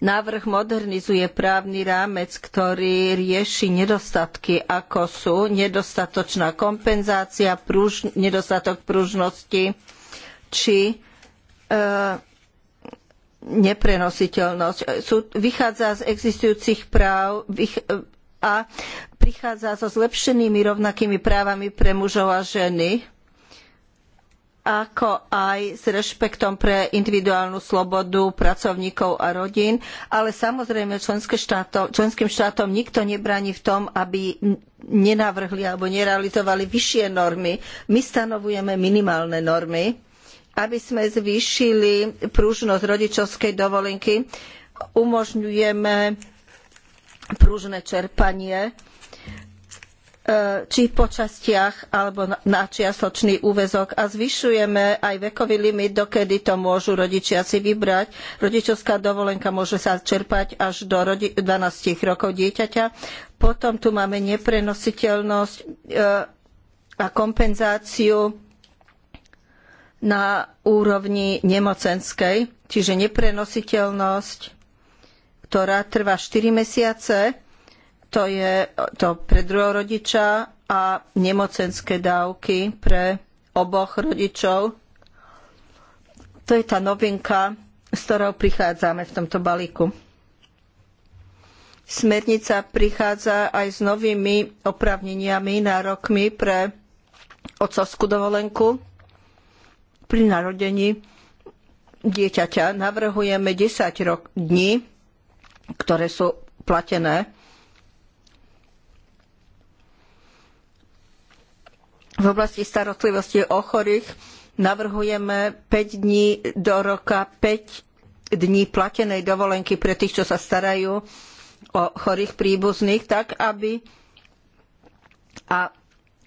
Speaker 4: Návrh modernizuje právny rámec, ktorý rieši nedostatky, ako sú nedostatočná kompenzácia, nedostatok pružnosti či E, neprenositeľnosť. Sú, vychádza z existujúcich práv vych, e, a prichádza so zlepšenými rovnakými právami pre mužov a ženy ako aj s rešpektom pre individuálnu slobodu pracovníkov a rodín, ale samozrejme členským štátom nikto nebráni v tom, aby nenavrhli alebo nerealizovali vyššie normy. My stanovujeme minimálne normy aby sme zvýšili pružnosť rodičovskej dovolenky. Umožňujeme pružné čerpanie e, či po častiach alebo na čiastočný úväzok a zvyšujeme aj vekový limit, dokedy to môžu rodičia si vybrať. Rodičovská dovolenka môže sa čerpať až do 12 rokov dieťaťa. Potom tu máme neprenositeľnosť e, a kompenzáciu na úrovni nemocenskej, čiže neprenositeľnosť, ktorá trvá 4 mesiace, to je to pre druhého rodiča a nemocenské dávky pre oboch rodičov. To je tá novinka, s ktorou prichádzame v tomto balíku. Smernica prichádza aj s novými oprávneniami, nárokmi pre otcovskú dovolenku pri narodení dieťaťa navrhujeme 10 rok, dní, ktoré sú platené. V oblasti starostlivosti o chorých navrhujeme 5 dní do roka, 5 dní platenej dovolenky pre tých, čo sa starajú o chorých príbuzných, tak aby a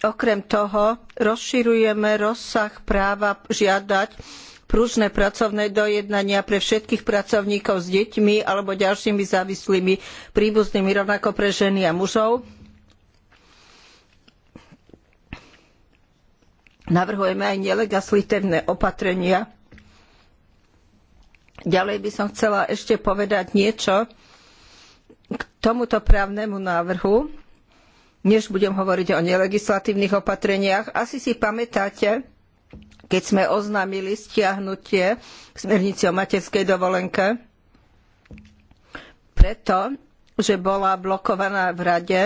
Speaker 4: Okrem toho rozširujeme rozsah práva žiadať pružné pracovné dojednania pre všetkých pracovníkov s deťmi alebo ďalšími závislými príbuznými rovnako pre ženy a mužov. Navrhujeme aj nelegislatívne opatrenia. Ďalej by som chcela ešte povedať niečo k tomuto právnemu návrhu než budem hovoriť o nelegislatívnych opatreniach. Asi si pamätáte, keď sme oznámili stiahnutie smernice o materskej dovolenke, preto, že bola blokovaná v Rade,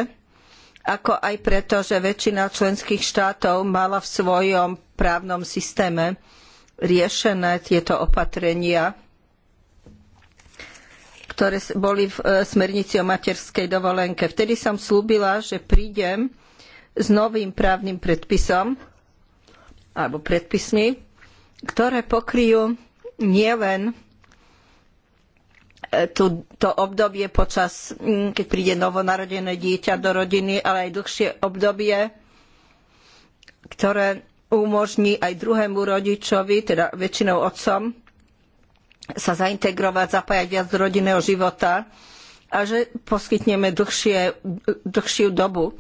Speaker 4: ako aj preto, že väčšina členských štátov mala v svojom právnom systéme riešené tieto opatrenia ktoré boli v e, smernici o materskej dovolenke. Vtedy som slúbila, že prídem s novým právnym predpisom alebo predpismi, ktoré pokryjú nielen e, to obdobie počas, mm, keď príde novonarodené dieťa do rodiny, ale aj dlhšie obdobie, ktoré umožní aj druhému rodičovi, teda väčšinou otcom, sa zaintegrovať, zapájať viac do rodinného života a že poskytneme dlhšie, dlhšiu dobu,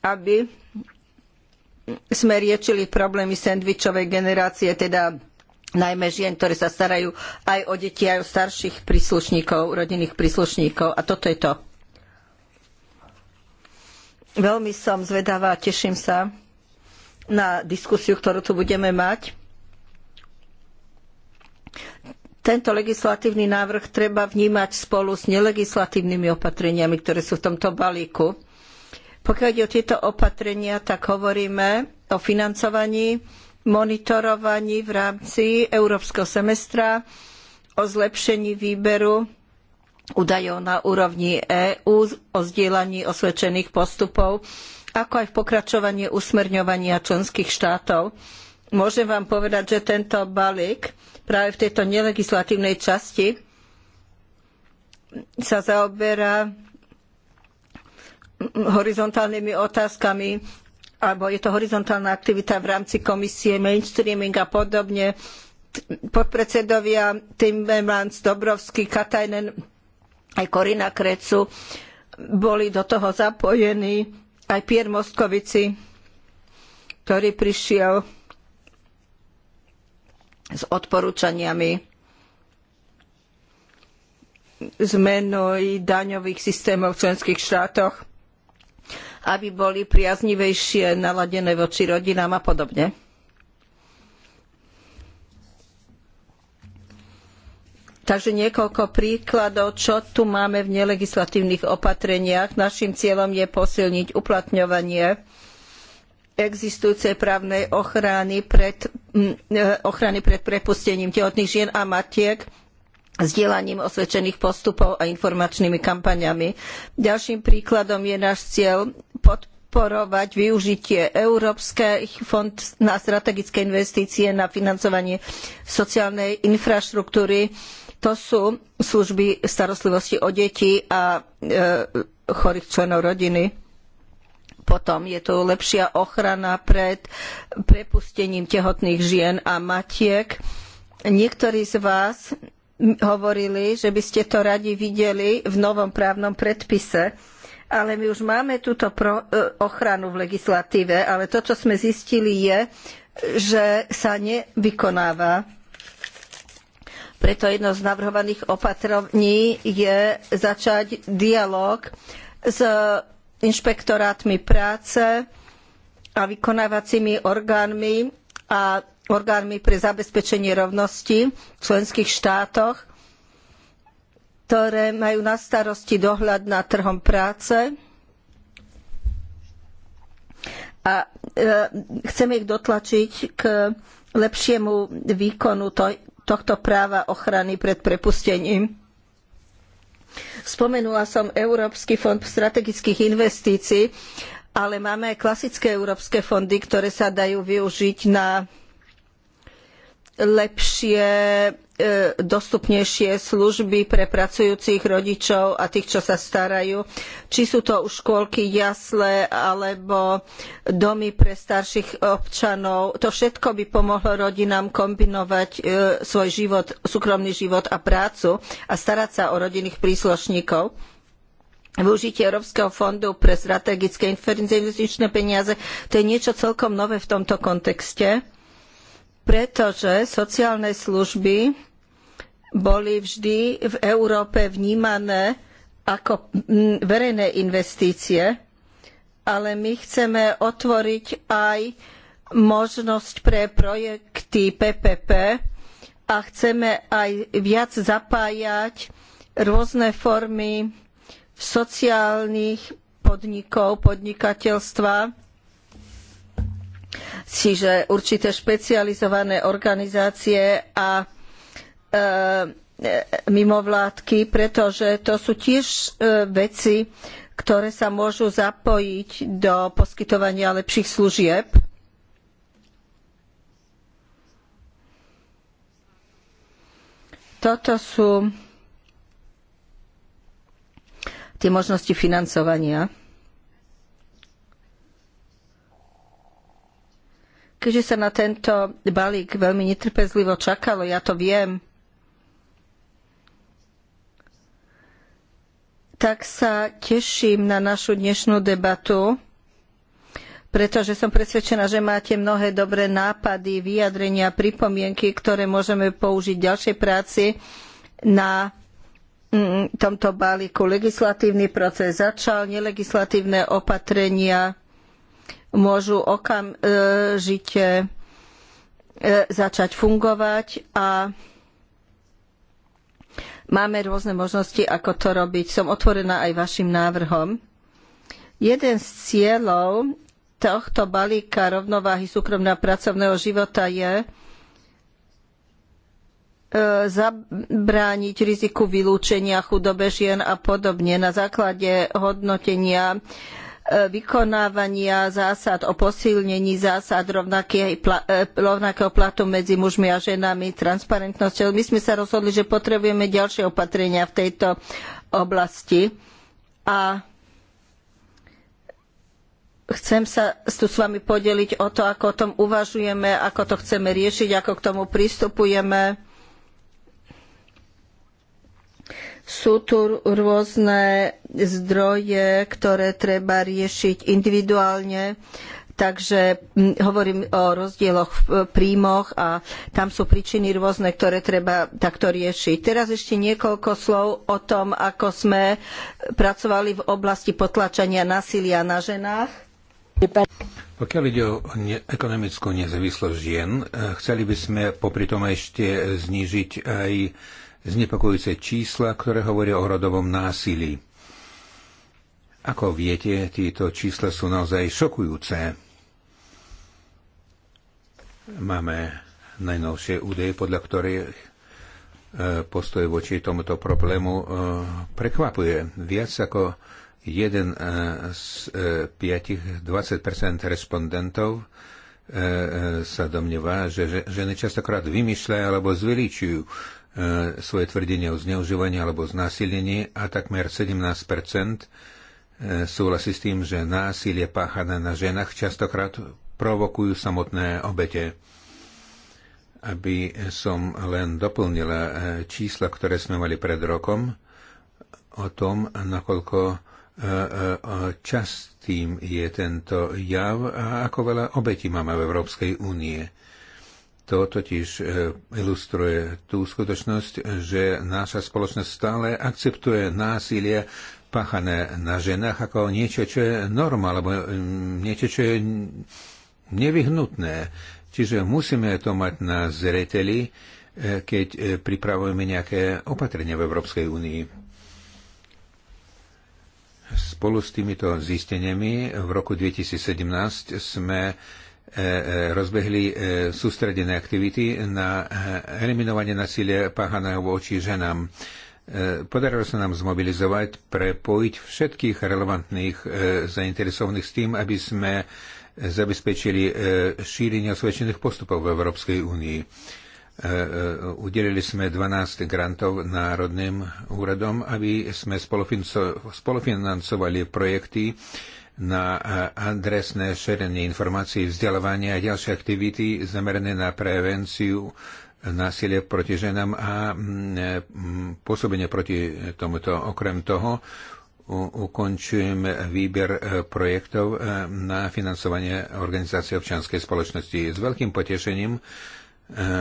Speaker 4: aby sme riečili problémy sendvičovej generácie, teda najmä žien, ktoré sa starajú aj o deti, aj o starších príslušníkov, rodinných príslušníkov. A toto je to. Veľmi som zvedavá, teším sa na diskusiu, ktorú tu budeme mať tento legislatívny návrh treba vnímať spolu s nelegislatívnymi opatreniami, ktoré sú v tomto balíku. Pokiaľ ide o tieto opatrenia, tak hovoríme o financovaní, monitorovaní v rámci európskeho semestra, o zlepšení výberu údajov na úrovni EÚ, o zdieľaní osvedčených postupov, ako aj v pokračovanie usmerňovania členských štátov Môžem vám povedať, že tento balík práve v tejto nelegislatívnej časti sa zaoberá horizontálnymi otázkami alebo je to horizontálna aktivita v rámci komisie, mainstreaming a podobne. Podpredsedovia Timmermans, Dobrovský, Katajnen aj Korina Krecu boli do toho zapojení, aj Pier Moskovici, ktorý prišiel s odporúčaniami zmeny daňových systémov v členských štátoch, aby boli priaznivejšie naladené voči rodinám a podobne. Takže niekoľko príkladov, čo tu máme v nelegislatívnych opatreniach. Naším cieľom je posilniť uplatňovanie existujúcej právnej ochrany pred, e, ochrany pred prepustením tehotných žien a matiek zdieľaním osvedčených postupov a informačnými kampaňami. Ďalším príkladom je náš cieľ podporovať využitie Európskych fond na strategické investície na financovanie sociálnej infraštruktúry. To sú služby starostlivosti o deti a e, chorých členov rodiny potom je tu lepšia ochrana pred prepustením tehotných žien a matiek. Niektorí z vás hovorili, že by ste to radi videli v novom právnom predpise, ale my už máme túto e, ochranu v legislatíve, ale to, čo sme zistili, je, že sa nevykonáva. Preto jedno z navrhovaných opatrení je začať dialog s inšpektorátmi práce a vykonávacími orgánmi a orgánmi pre zabezpečenie rovnosti v členských štátoch, ktoré majú na starosti dohľad nad trhom práce a e, chceme ich dotlačiť k lepšiemu výkonu tohto práva ochrany pred prepustením. Spomenula som Európsky fond strategických investícií, ale máme aj klasické európske fondy, ktoré sa dajú využiť na lepšie E, dostupnejšie služby pre pracujúcich rodičov a tých, čo sa starajú. Či sú to už škôlky, jasle alebo domy pre starších občanov. To všetko by pomohlo rodinám kombinovať e, svoj život, súkromný život a prácu a starať sa o rodinných príslušníkov. Využitie Európskeho fondu pre strategické investičné peniaze, to je niečo celkom nové v tomto kontexte pretože sociálne služby boli vždy v Európe vnímané ako mm, verejné investície, ale my chceme otvoriť aj možnosť pre projekty PPP a chceme aj viac zapájať rôzne formy sociálnych podnikov, podnikateľstva, Čiže určité špecializované organizácie a e, e, mimovládky, pretože to sú tiež e, veci, ktoré sa môžu zapojiť do poskytovania lepších služieb. Toto sú tie možnosti financovania. keďže sa na tento balík veľmi netrpezlivo čakalo, ja to viem, tak sa teším na našu dnešnú debatu, pretože som presvedčená, že máte mnohé dobré nápady, vyjadrenia, pripomienky, ktoré môžeme použiť v ďalšej práci na mm, tomto balíku. Legislatívny proces začal, nelegislatívne opatrenia môžu okamžite e, začať fungovať a máme rôzne možnosti, ako to robiť. Som otvorená aj vašim návrhom. Jeden z cieľov tohto balíka rovnováhy súkromného pracovného života je e, zabrániť riziku vylúčenia chudobe žien a podobne na základe hodnotenia E, vykonávania zásad, o posilnení zásad e, rovnakého platu medzi mužmi a ženami, transparentnosťou. My sme sa rozhodli, že potrebujeme ďalšie opatrenia v tejto oblasti. A chcem sa tu s vami podeliť o to, ako o tom uvažujeme, ako to chceme riešiť, ako k tomu pristupujeme Sú tu rôzne zdroje, ktoré treba riešiť individuálne, takže hovorím o rozdieloch v e, príjmoch a tam sú príčiny rôzne, ktoré treba takto riešiť. Teraz ešte niekoľko slov o tom, ako sme pracovali v oblasti potlačania násilia na ženách.
Speaker 3: Pokiaľ ide o ne- ekonomickú nezávislosť žien, e, chceli by sme popri tom ešte znížiť aj znepokojúce čísla, ktoré hovoria o rodovom násilí. Ako viete, tieto čísla sú naozaj šokujúce. Máme najnovšie údaje, podľa ktorých e, postoj voči tomuto problému e, prekvapuje. Viac ako jeden e, z piatich, 20 respondentov sa domnieva, že ženy častokrát vymýšľajú alebo zveličujú E, svoje tvrdenie o zneužívaní alebo znásilnení a takmer 17 e, súhlasí s tým, že násilie páchané na ženách častokrát provokujú samotné obete. Aby som len doplnila e, čísla, ktoré sme mali pred rokom, o tom, nakoľko častým je tento jav a ako veľa obetí máme v Európskej únie. To totiž e, ilustruje tú skutočnosť, že naša spoločnosť stále akceptuje násilie páchané na ženách ako niečo, čo je norma, alebo e, niečo, čo je nevyhnutné. Čiže musíme to mať na zreteli, e, keď pripravujeme nejaké opatrenia v Európskej únii. Spolu s týmito zisteniami v roku 2017 sme E, e, rozbehli e, sústredené aktivity na eliminovanie nasilia páchaného voči ženám. Podarilo sa nám zmobilizovať, prepojiť všetkých relevantných zainteresovaných s tým, aby sme zabezpečili šírenie osvedčených postupov v Európskej únii. Udelili sme 12 grantov národným úradom, aby sme spolufinancovali projekty, na adresné šerenie informácií, vzdelávania a ďalšie aktivity zamerané na prevenciu násilia proti ženám a mm, e, pôsobenie proti tomuto. Okrem toho ukončujeme výber e, projektov e, na financovanie organizácie občianskej spoločnosti. S veľkým potešením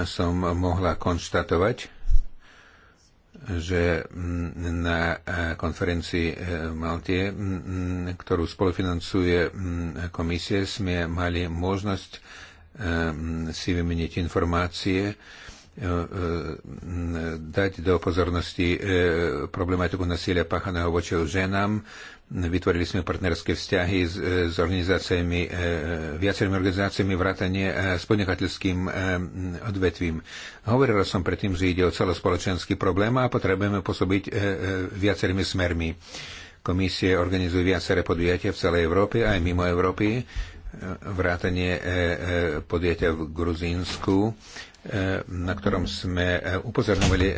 Speaker 3: som mohla konštatovať, že mm, na e, konferencii e, v Maltie, mm, ktorú spolufinancuje mm, komisie, sme mali možnosť e, si vymeniť informácie, dať do pozornosti problematiku nasilia páchaného voči ženám, Vytvorili sme partnerské vzťahy s, e, s organizáciami, e, viacerými organizáciami vrátane e, s podnikateľským odvetvím. Hovoril som predtým, že ide o celospoločenský problém a potrebujeme pôsobiť viacerými smermi. Komisie organizujú viaceré podujatia v celej Európe aj mimo Európy vrátanie podujatia v Gruzínsku Eh, na ktorom sme eh, upozorňovali eh,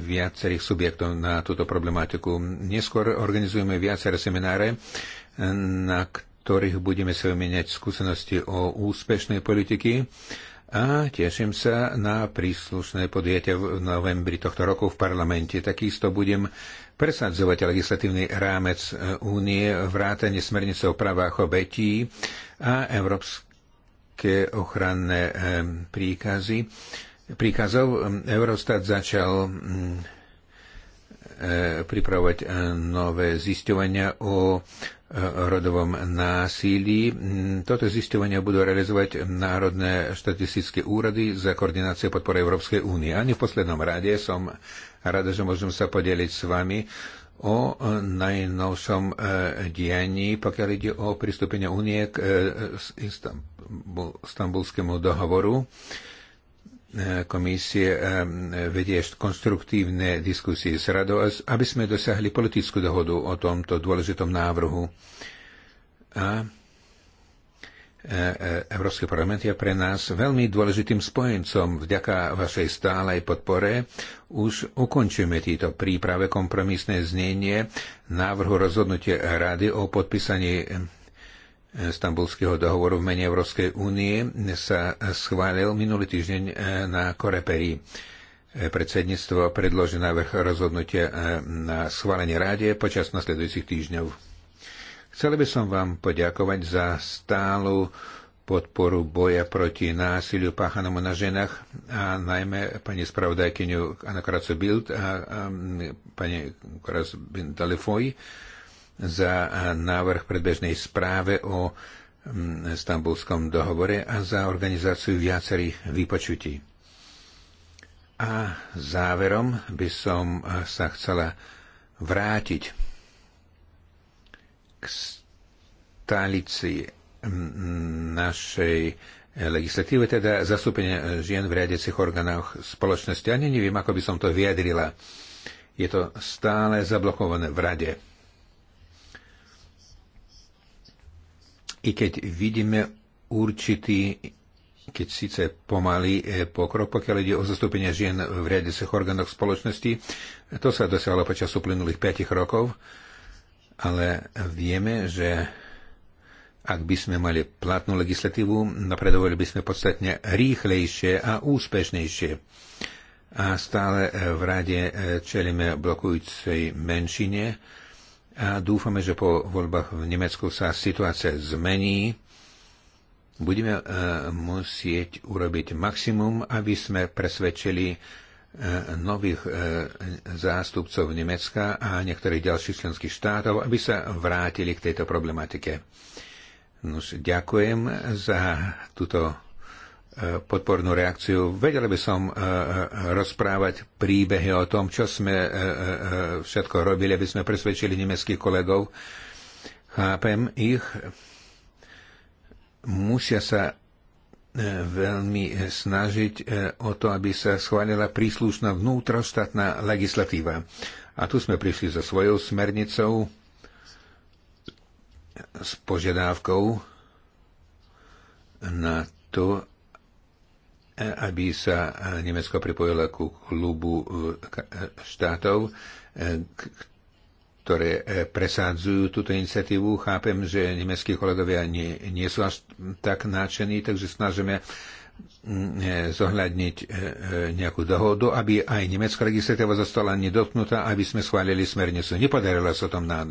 Speaker 3: viacerých subjektov na túto problematiku. Neskôr organizujeme viaceré semináre, na ktorých budeme sa vymieňať skúsenosti o úspešnej politiky a teším sa na príslušné podvietie v novembri tohto roku v parlamente. Takisto budem presadzovať legislatívny rámec únie, vrátanie smernice o právach obetí a európsky také ochranné príkazy. Príkazov Eurostat začal e, pripravovať e, nové zisťovania o e, rodovom násilí. Mm, toto zisťovania budú realizovať Národné štatistické úrady za koordináciu podpory Európskej únie. Ani v poslednom rade som rada, že môžem sa podeliť s vami o najnovšom dianí, pokiaľ ide o pristúpenie únie k stambulskému dohovoru. E, komisie e, vedie konstruktívne diskusie s radou, aby sme dosiahli politickú dohodu o tomto dôležitom návrhu. A e, Európsky parlament je pre nás veľmi dôležitým spojencom. Vďaka vašej stálej podpore už ukončíme tieto príprave kompromisné znenie návrhu rozhodnutia Rady o podpísaní stambulského dohovoru v mene Európskej únie sa schválil minulý týždeň e, na Koreperi. E, predsedníctvo predloží návrh rozhodnutia e, na schválenie ráde počas nasledujúcich týždňov. Chcel by som vám poďakovať za stálu podporu boja proti násiliu páchanému na ženách a najmä pani spravodajkyňu Anna Kracu-Bild a, a pani Kracu-Bild za návrh predbežnej správe o mm, Stambulskom dohovore a za organizáciu viacerých vypočutí. A záverom by som eh, sa chcela vrátiť k stálici mm, našej legislatívy, teda zastúpenia žien v riadiacich orgánoch spoločnosti. Ani neviem, ako by som to vyjadrila. Je to stále zablokované v rade I keď vidíme určitý keď síce pomaly e, pokrok, pokiaľ ide o zastúpenie žien v riadiacich orgánoch spoločnosti, to sa dosiahlo počas uplynulých 5 rokov, ale vieme, že ak by sme mali platnú legislatívu, napredovali by sme podstatne rýchlejšie a úspešnejšie. A stále v rade e, čelíme blokujúcej menšine, a dúfame, že po voľbách v Nemecku sa situácia zmení. Budeme e, musieť urobiť maximum, aby sme presvedčili e, nových e, zástupcov Nemecka a niektorých ďalších členských štátov, aby sa vrátili k tejto problematike. Nož, ďakujem za túto podpornú reakciu. Vedel by som eh, eh, rozprávať príbehy o tom, čo sme eh, všetko robili, aby sme presvedčili nemeckých kolegov. Chápem ich. Musia sa veľmi snažiť o to, aby sa schválila príslušná vnútroštátna legislatíva. A tu sme prišli so svojou smernicou, s požiadavkou na to, aby sa e, Nemecko pripojilo ku klubu e, štátov, e, ktoré presádzujú túto iniciatívu. Chápem, že nemeckí kolegovia nie, nie sú až tak náčení, takže snažíme zohľadniť nejakú dohodu, aby aj nemecká legislatíva zostala nedotknutá, aby sme schválili smernicu. Nepodarilo sa tom na...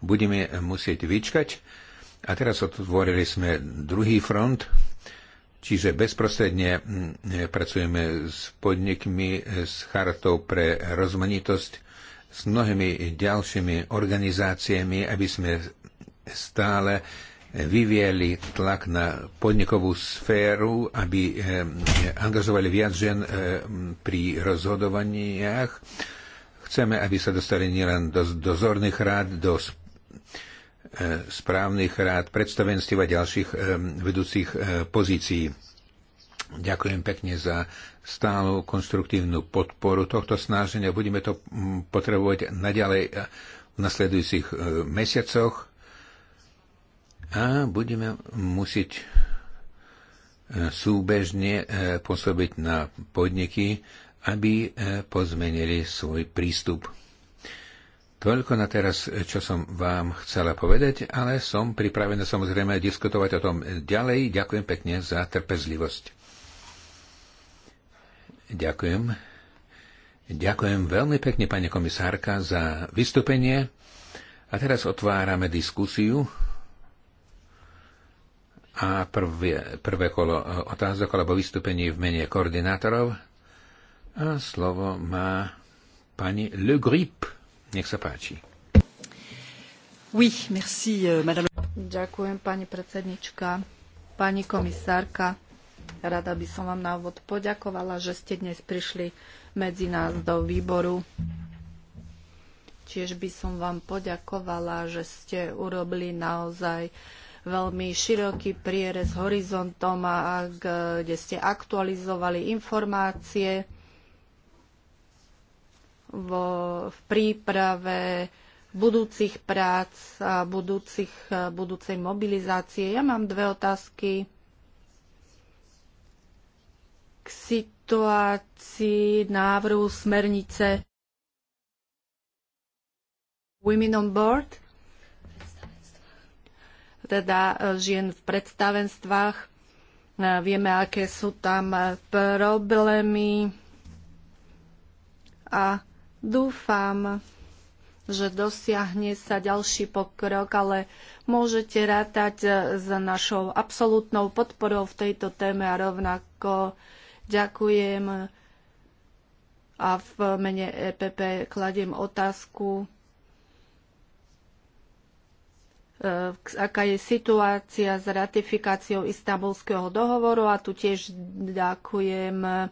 Speaker 3: Budeme musieť vyčkať. A teraz otvorili sme druhý front Čiže bezprostredne mm, e, pracujeme s podnikmi, e, s chartou pre rozmanitosť, s mnohými ďalšími organizáciami, aby sme stále vyvieli tlak na podnikovú sféru, aby e, angažovali viac žen pri rozhodovaniach. Chceme, aby sa dostali nielen do dozorných rád, do správnych rád, predstavenstiev a ďalších vedúcich pozícií. Ďakujem pekne za stálu konstruktívnu podporu tohto snaženia. Budeme to potrebovať naďalej e, v nasledujúcich e, mesiacoch a budeme musieť e, súbežne pôsobiť na podniky, aby pozmenili svoj prístup. Toľko na teraz, čo som vám chcela povedať, ale som pripravená samozrejme diskutovať o tom ďalej. Ďakujem pekne za trpezlivosť. Ďakujem. Ďakujem veľmi pekne, pani komisárka, za vystúpenie. A teraz otvárame diskusiu. A prvé, prvé kolo otázok alebo vystúpení v mene koordinátorov. A slovo má pani Le Grip. Nech sa páči.
Speaker 2: Oui, merci, euh, madame. Ďakujem, pani predsednička, pani komisárka. Rada by som vám na úvod poďakovala, že ste dnes prišli medzi nás do výboru. Tiež by som vám poďakovala, že ste urobili naozaj veľmi široký prierez horizontom, a kde ste aktualizovali informácie vo, v príprave budúcich prác a budúcich, budúcej mobilizácie. Ja mám dve otázky k situácii návrhu smernice Women on Board, teda e, žien v predstavenstvách. E, vieme, aké sú tam problémy a Dúfam, že dosiahne sa ďalší pokrok, ale môžete rátať e, s našou absolútnou podporou v tejto téme a rovnako ďakujem a v mene EPP kladiem otázku, e, aká je situácia s ratifikáciou istambulského dohovoru a tu tiež ďakujem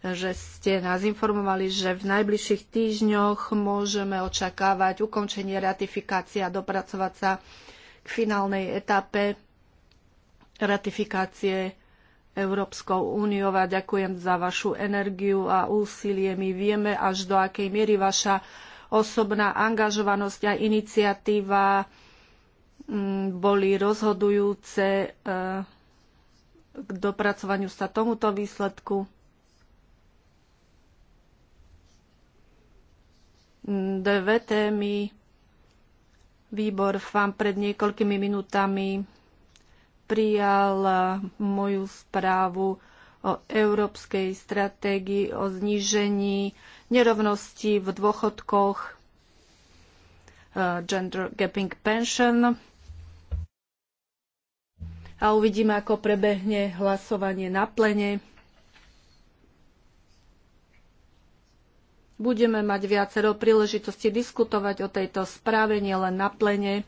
Speaker 2: že ste nás informovali, že v najbližších týždňoch môžeme očakávať ukončenie ratifikácie a dopracovať sa k finálnej etape ratifikácie Európskou úniou a ďakujem za vašu energiu a úsilie. My vieme, až do akej miery vaša osobná angažovanosť a iniciatíva mm, boli rozhodujúce eh, k dopracovaniu sa tomuto výsledku. dve témy. Výbor vám pred niekoľkými minútami prijal moju správu o európskej stratégii o znížení nerovnosti v dôchodkoch eh, Gender Gapping Pension. A uvidíme, ako prebehne hlasovanie na plene. Budeme mať viacero príležitosti diskutovať o tejto správe, nielen na plene.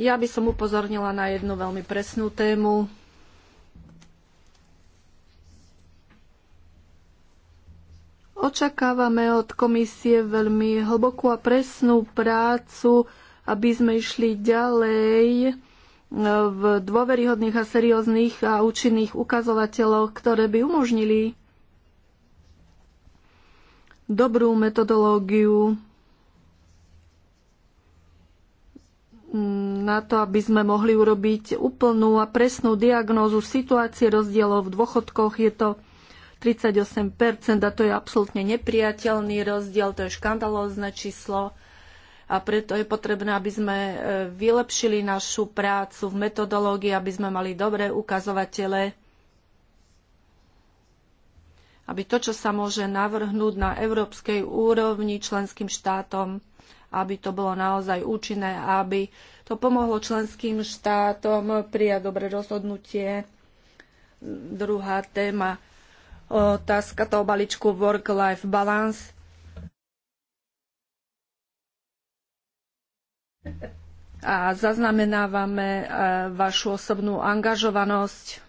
Speaker 2: Ja by som upozornila na jednu veľmi presnú tému. Očakávame od komisie veľmi hlbokú a presnú prácu, aby sme išli ďalej v dôveryhodných a serióznych a účinných ukazovateľoch, ktoré by umožnili dobrú metodológiu na to, aby sme mohli urobiť úplnú a presnú diagnózu situácie rozdielov v dôchodkoch. Je to 38% a to je absolútne nepriateľný rozdiel, to je škandalózne číslo a preto je potrebné, aby sme e, vylepšili našu prácu v metodológii, aby sme mali dobré ukazovatele, aby to, čo sa môže navrhnúť na európskej úrovni členským štátom, aby to bolo naozaj účinné, aby to pomohlo členským štátom prijať dobré rozhodnutie. Druhá téma, otázka toho balíčku work-life balance a zaznamenávame e, vašu osobnú angažovanosť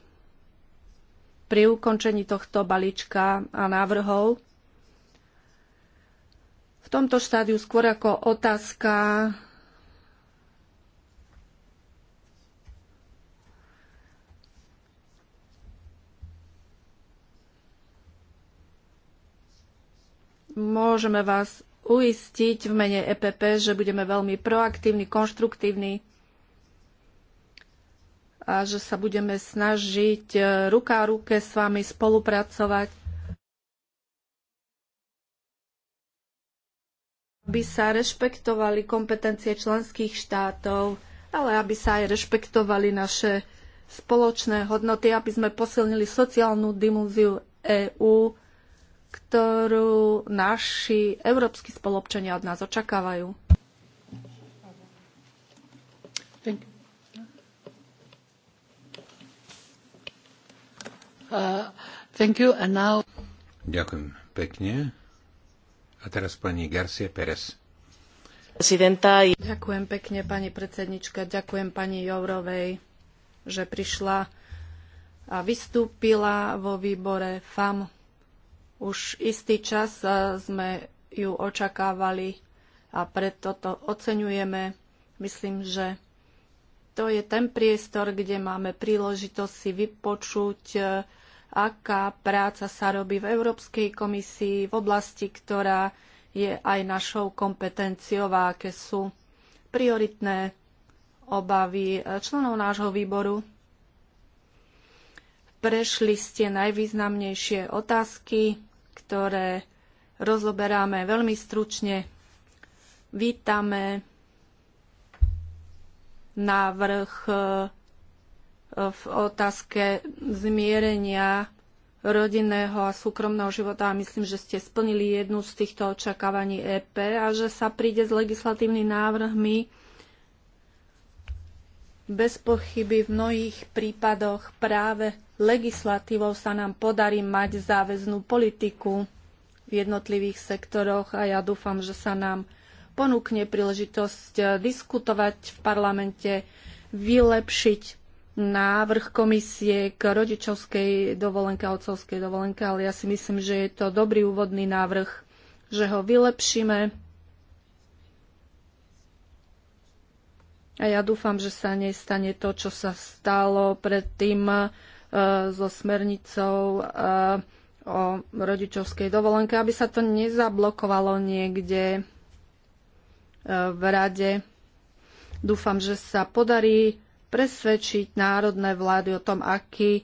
Speaker 2: pri ukončení tohto balíčka a návrhov. V tomto štádiu skôr ako otázka môžeme vás uistiť v mene EPP, že budeme veľmi proaktívni, konštruktívni a že sa budeme snažiť e, ruka a ruke s vami spolupracovať, aby sa rešpektovali kompetencie členských štátov, ale aby sa aj rešpektovali naše spoločné hodnoty, aby sme posilnili sociálnu dimenziu EÚ ktorú naši európsky spolobčania od nás očakávajú. Uh, now...
Speaker 3: Ďakujem pekne. A teraz pani Garcia Pérez.
Speaker 2: Ďakujem pekne, pani predsednička. Ďakujem pani Jourovej, že prišla a vystúpila vo výbore FAM už istý čas e, sme ju očakávali a preto to oceňujeme. Myslím, že to je ten priestor, kde máme príležitosť si vypočuť, e, aká práca sa robí v Európskej komisii v oblasti, ktorá je aj našou kompetenciou a aké sú prioritné obavy e, členov nášho výboru. Prešli ste najvýznamnejšie otázky, ktoré rozoberáme veľmi stručne. Vítame návrh e, v otázke zmierenia rodinného a súkromného života a myslím, že ste splnili jednu z týchto očakávaní EP a že sa príde s legislatívnymi návrhmi. Bez pochyby v mnohých prípadoch práve legislatívou sa nám podarí mať záväznú politiku v jednotlivých sektoroch a ja dúfam, že sa nám ponúkne príležitosť eh, diskutovať v parlamente, vylepšiť návrh komisie k rodičovskej dovolenke a otcovskej dovolenke, ale ja si myslím, že je to dobrý úvodný návrh, že ho vylepšíme. A ja dúfam, že sa nestane to, čo sa stalo pred tým E, so smernicou e, o rodičovskej dovolenke, aby sa to nezablokovalo niekde e, v rade. Dúfam, že sa podarí presvedčiť národné vlády o tom, aký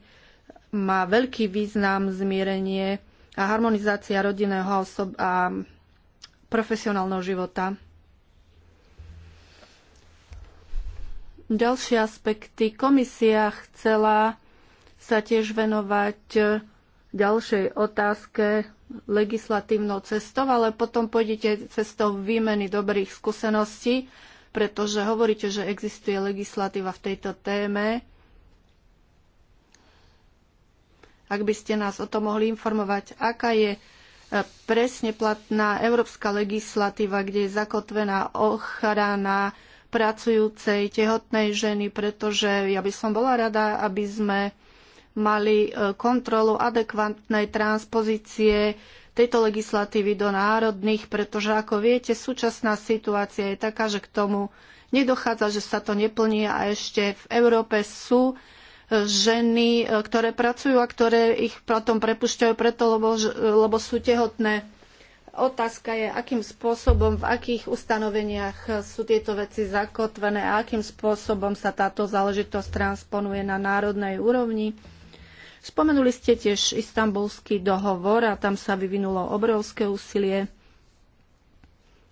Speaker 2: má veľký význam zmierenie a harmonizácia rodinného osob a profesionálneho života. Ďalšie aspekty. Komisia chcela sa tiež venovať e, ďalšej otázke legislatívnou cestou, ale potom pôjdete cestou výmeny dobrých skúseností, pretože hovoríte, že existuje legislatíva v tejto téme. Ak by ste nás o tom mohli informovať, aká je e, presne platná európska legislatíva, kde je zakotvená ochrana pracujúcej tehotnej ženy, pretože ja by som bola rada, aby sme mali e, kontrolu adekvátnej transpozície tejto legislatívy do národných, pretože ako viete, súčasná situácia je taká, že k tomu nedochádza, že sa to neplní a ešte v Európe sú e, ženy, e, ktoré pracujú a ktoré ich potom prepušťajú preto, lebo, lebo sú tehotné. Otázka je, akým spôsobom, v akých ustanoveniach sú tieto veci zakotvené a akým spôsobom sa táto záležitosť transponuje na národnej úrovni. Spomenuli ste tiež istambulský dohovor a tam sa vyvinulo obrovské úsilie,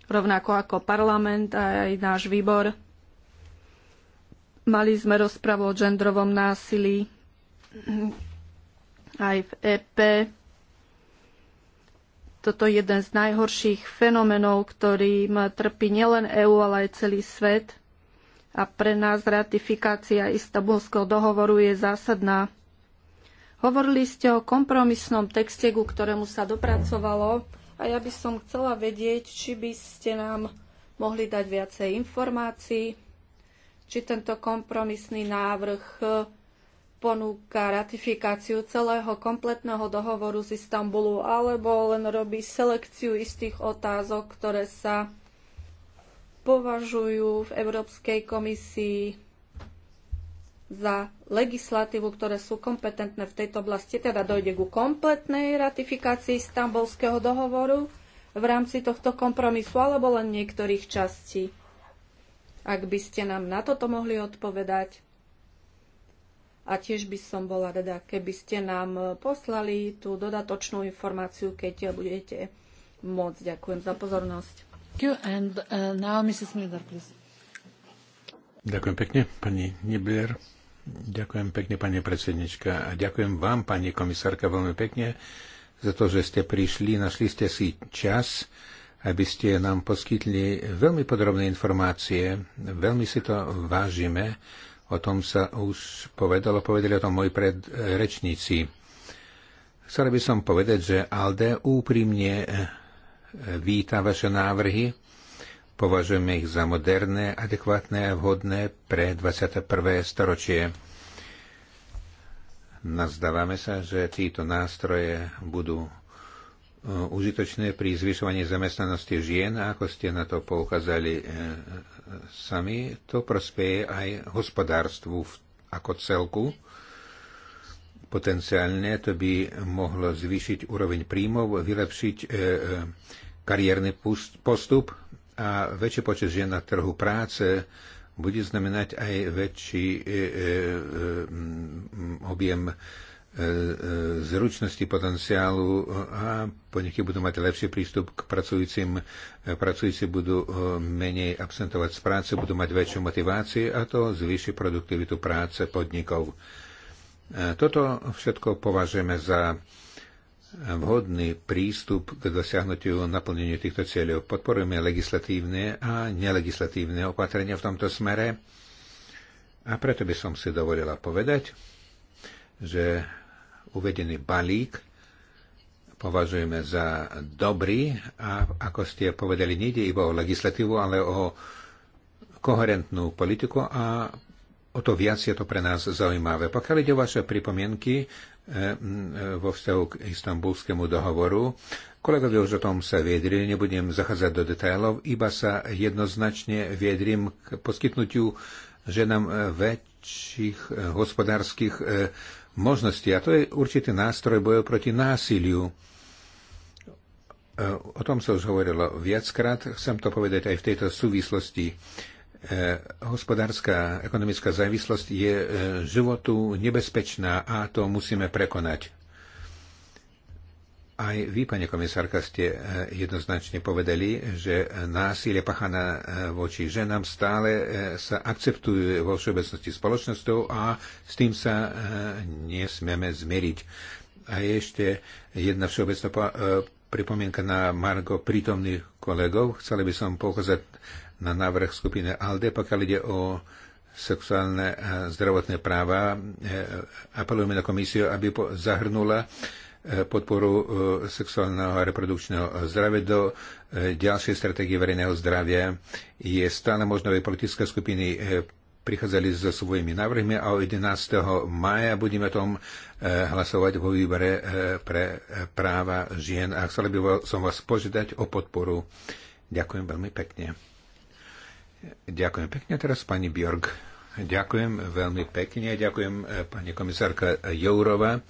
Speaker 2: rovnako ako parlament a aj náš výbor. Mali sme rozpravu o gendrovom násilí aj v EP. Toto je jeden z najhorších fenomenov, ktorým trpí nielen EÚ, ale aj celý svet. A pre nás ratifikácia istambulského dohovoru je zásadná. Hovorili ste o kompromisnom texte, ku ktorému sa dopracovalo a ja by som chcela vedieť, či by ste nám mohli dať viacej informácií, či tento kompromisný návrh ponúka ratifikáciu celého kompletného dohovoru z Istanbulu alebo len robí selekciu istých otázok, ktoré sa považujú v Európskej komisii za legislatívu, ktoré sú kompetentné v tejto oblasti, teda dojde ku kompletnej ratifikácii stambolského dohovoru v rámci tohto kompromisu alebo len niektorých častí. Ak by ste nám na toto mohli odpovedať. A tiež by som bola rada, keby ste nám poslali tú dodatočnú informáciu, keď budete môcť. Ďakujem za pozornosť. And, uh, now Mrs. Miller, please.
Speaker 3: Ďakujem pekne, pani Nibler. Ďakujem pekne, pani predsednička. A ďakujem vám, pani komisárka, veľmi pekne za to, že ste prišli. Našli ste si čas, aby ste nám poskytli veľmi podrobné informácie. Veľmi si to vážime. O tom sa už povedalo, povedali o tom moji predrečníci. Chcel by som povedať, že ALDE úprimne víta vaše návrhy Považujeme ich za moderné, adekvátne a vhodné pre 21. storočie. Nazdávame sa, že títo nástroje budú e, užitočné pri zvyšovaní zamestnanosti žien a ako ste na to poukázali e, sami, to prospeje aj hospodárstvu ako celku. Potenciálne to by mohlo zvýšiť úroveň príjmov, vylepšiť e, kariérny postup, a väčší počet žien na trhu práce bude znamenať aj väčší e, e, objem e, zručnosti, potenciálu a podniky budú mať lepší prístup k pracujúcim. Pracujúci budú menej absentovať z práce, budú mať väčšiu motiváciu a to zvýši produktivitu práce podnikov. Toto všetko považujeme za vhodný prístup k dosiahnutiu naplneniu týchto cieľov. Podporujeme legislatívne a nelegislatívne opatrenia v tomto smere a preto by som si dovolila povedať, že uvedený balík považujeme za dobrý a ako ste povedali, nejde iba o legislatívu, ale o koherentnú politiku a o to viac je to pre nás zaujímavé. Pokiaľ ide o vaše pripomienky eh, mm, eh, vo vzťahu k istambulskému dohovoru, kolegovia už o tom sa viedrili, nebudem zachádzať do detajlov, iba sa jednoznačne viedrim k poskytnutiu ženám eh, väčších hospodárskych možností. A to je určitý nástroj boju proti násiliu. O tom sa už hovorilo viackrát, chcem to povedať aj v tejto súvislosti E, hospodárska ekonomická závislosť je e, životu nebezpečná a to musíme prekonať. Aj vy, pani komisárka, ste e, jednoznačne povedali, že násilie pachané voči ženám stále sa akceptujú vo všeobecnosti spoločnosťou a s tým sa nesmieme zmeriť. A je ešte jedna všeobecná pripomienka na Margo prítomných kolegov. Chceli by som poukázať na návrh skupiny ALDE, pokiaľ ide o sexuálne a zdravotné práva. Eh, apelujeme na komisiu, aby zahrnula eh, podporu eh, sexuálneho a reprodukčného zdravia do ďalšej stratégie verejného zdravia. Je stále možné, aby politické skupiny prichádzali so svojimi návrhmi a 11. maja budeme tom hlasovať vo výbore pre práva žien a chcel by som vás požiadať o podporu. Ďakujem veľmi pekne. Ďakujem pekne teraz pani Bjorg. Ďakujem veľmi pekne. Ďakujem e, pani komisárka Jourova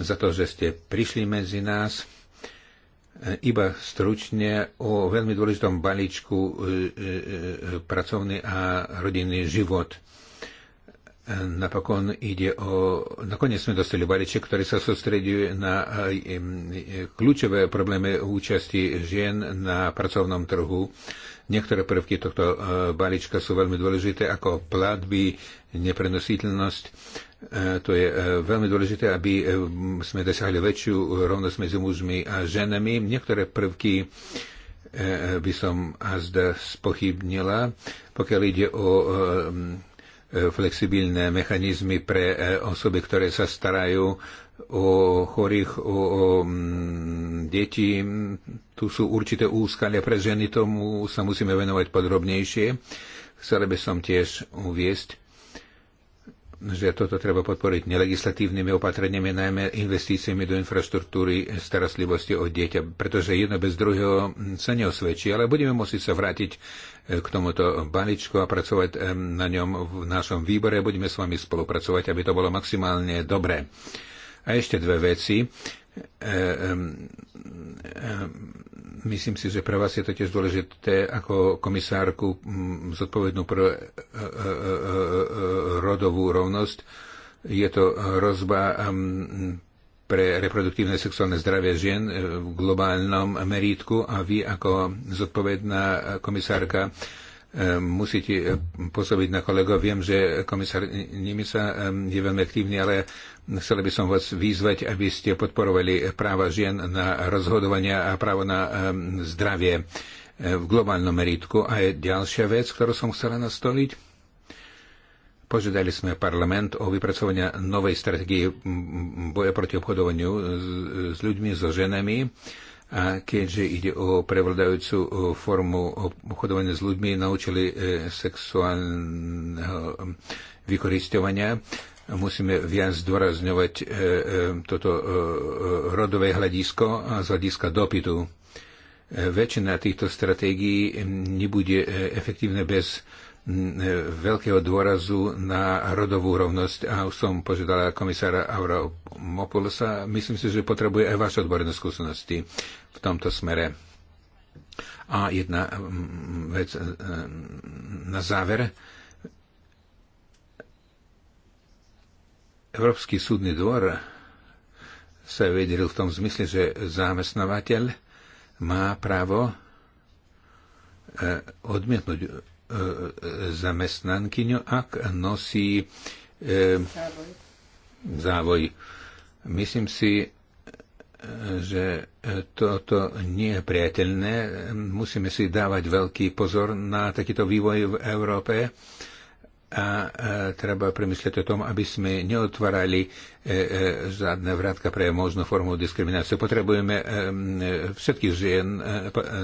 Speaker 3: za to, že ste prišli medzi nás. E, iba stručne o veľmi dôležitom balíčku e, pracovný a rodinný život. Napokon ide o... Nakoniec sme dostali balíček, ktorý sa sústreduje na kľúčové problémy účasti žien na pracovnom trhu Niektoré prvky tohto e, balíčka sú veľmi dôležité, ako platby, neprenositeľnosť. E, to je e, veľmi dôležité, aby sme dosiahli väčšiu rovnosť medzi mužmi a ženami. Niektoré prvky by som azda spochybnila, pokiaľ ide o flexibilné mechanizmy pre osoby, ktoré sa starajú o chorých, o, o mm, deti. Tu sú určité úskalia pre ženy, tomu sa musíme venovať podrobnejšie. Chcel by som tiež uviesť, že toto treba podporiť nelegislatívnymi opatreniami, najmä investíciami do infraštruktúry starostlivosti o dieťa, pretože jedno bez druhého sa neosvedčí, ale budeme musieť sa vrátiť eh, k tomuto baličku a pracovať eh, na ňom v našom výbore. Budeme s vami spolupracovať, aby to bolo maximálne dobré. A ešte dve veci. E, myslím si, že pre vás je to tiež dôležité ako komisárku mm, zodpovednú pre e, e, rodovú rovnosť. Je to rozba pre reproduktívne sexuálne zdravie žien v globálnom merítku a vy ako zodpovedná komisárka E, musíte pôsobiť na kolegov. Viem, že komisár Nimica e, je veľmi aktívny, ale chcel by som vás vyzvať, aby ste podporovali práva žien na rozhodovania a právo na e, zdravie v globálnom meritku. A je ďalšia vec, ktorú som chcela nastoliť. Požiadali sme parlament o vypracovanie novej stratégie boja proti obchodovaniu s ľuďmi, so ženami a keďže ide o prevladajúcu formu obchodovania s ľuďmi, naučili e, sexuálneho vykoristovania, musíme viac zdôrazňovať e, e, toto rodové hľadisko a z hľadiska dopytu. Väčšina týchto stratégií nebude efektívna bez Eh, veľkého dôrazu na rodovú rovnosť a už som požiadala komisára Avramopoulosa. Myslím si, že potrebuje aj vaše odborné skúsenosti v tomto smere. A jedna mm, vec eh, na záver. Európsky súdny dvor sa vedel v tom zmysle, že zamestnávateľ má právo eh, odmietnúť zamestnankyňu, ak nosí e, závoj. Myslím si, že toto nie je priateľné. Musíme si dávať veľký pozor na takýto vývoj v Európe a treba premyslieť o tom, aby sme neotvárali žiadne e, e, vrátka pre možnú formu diskriminácie. Potrebujeme e, všetkých žien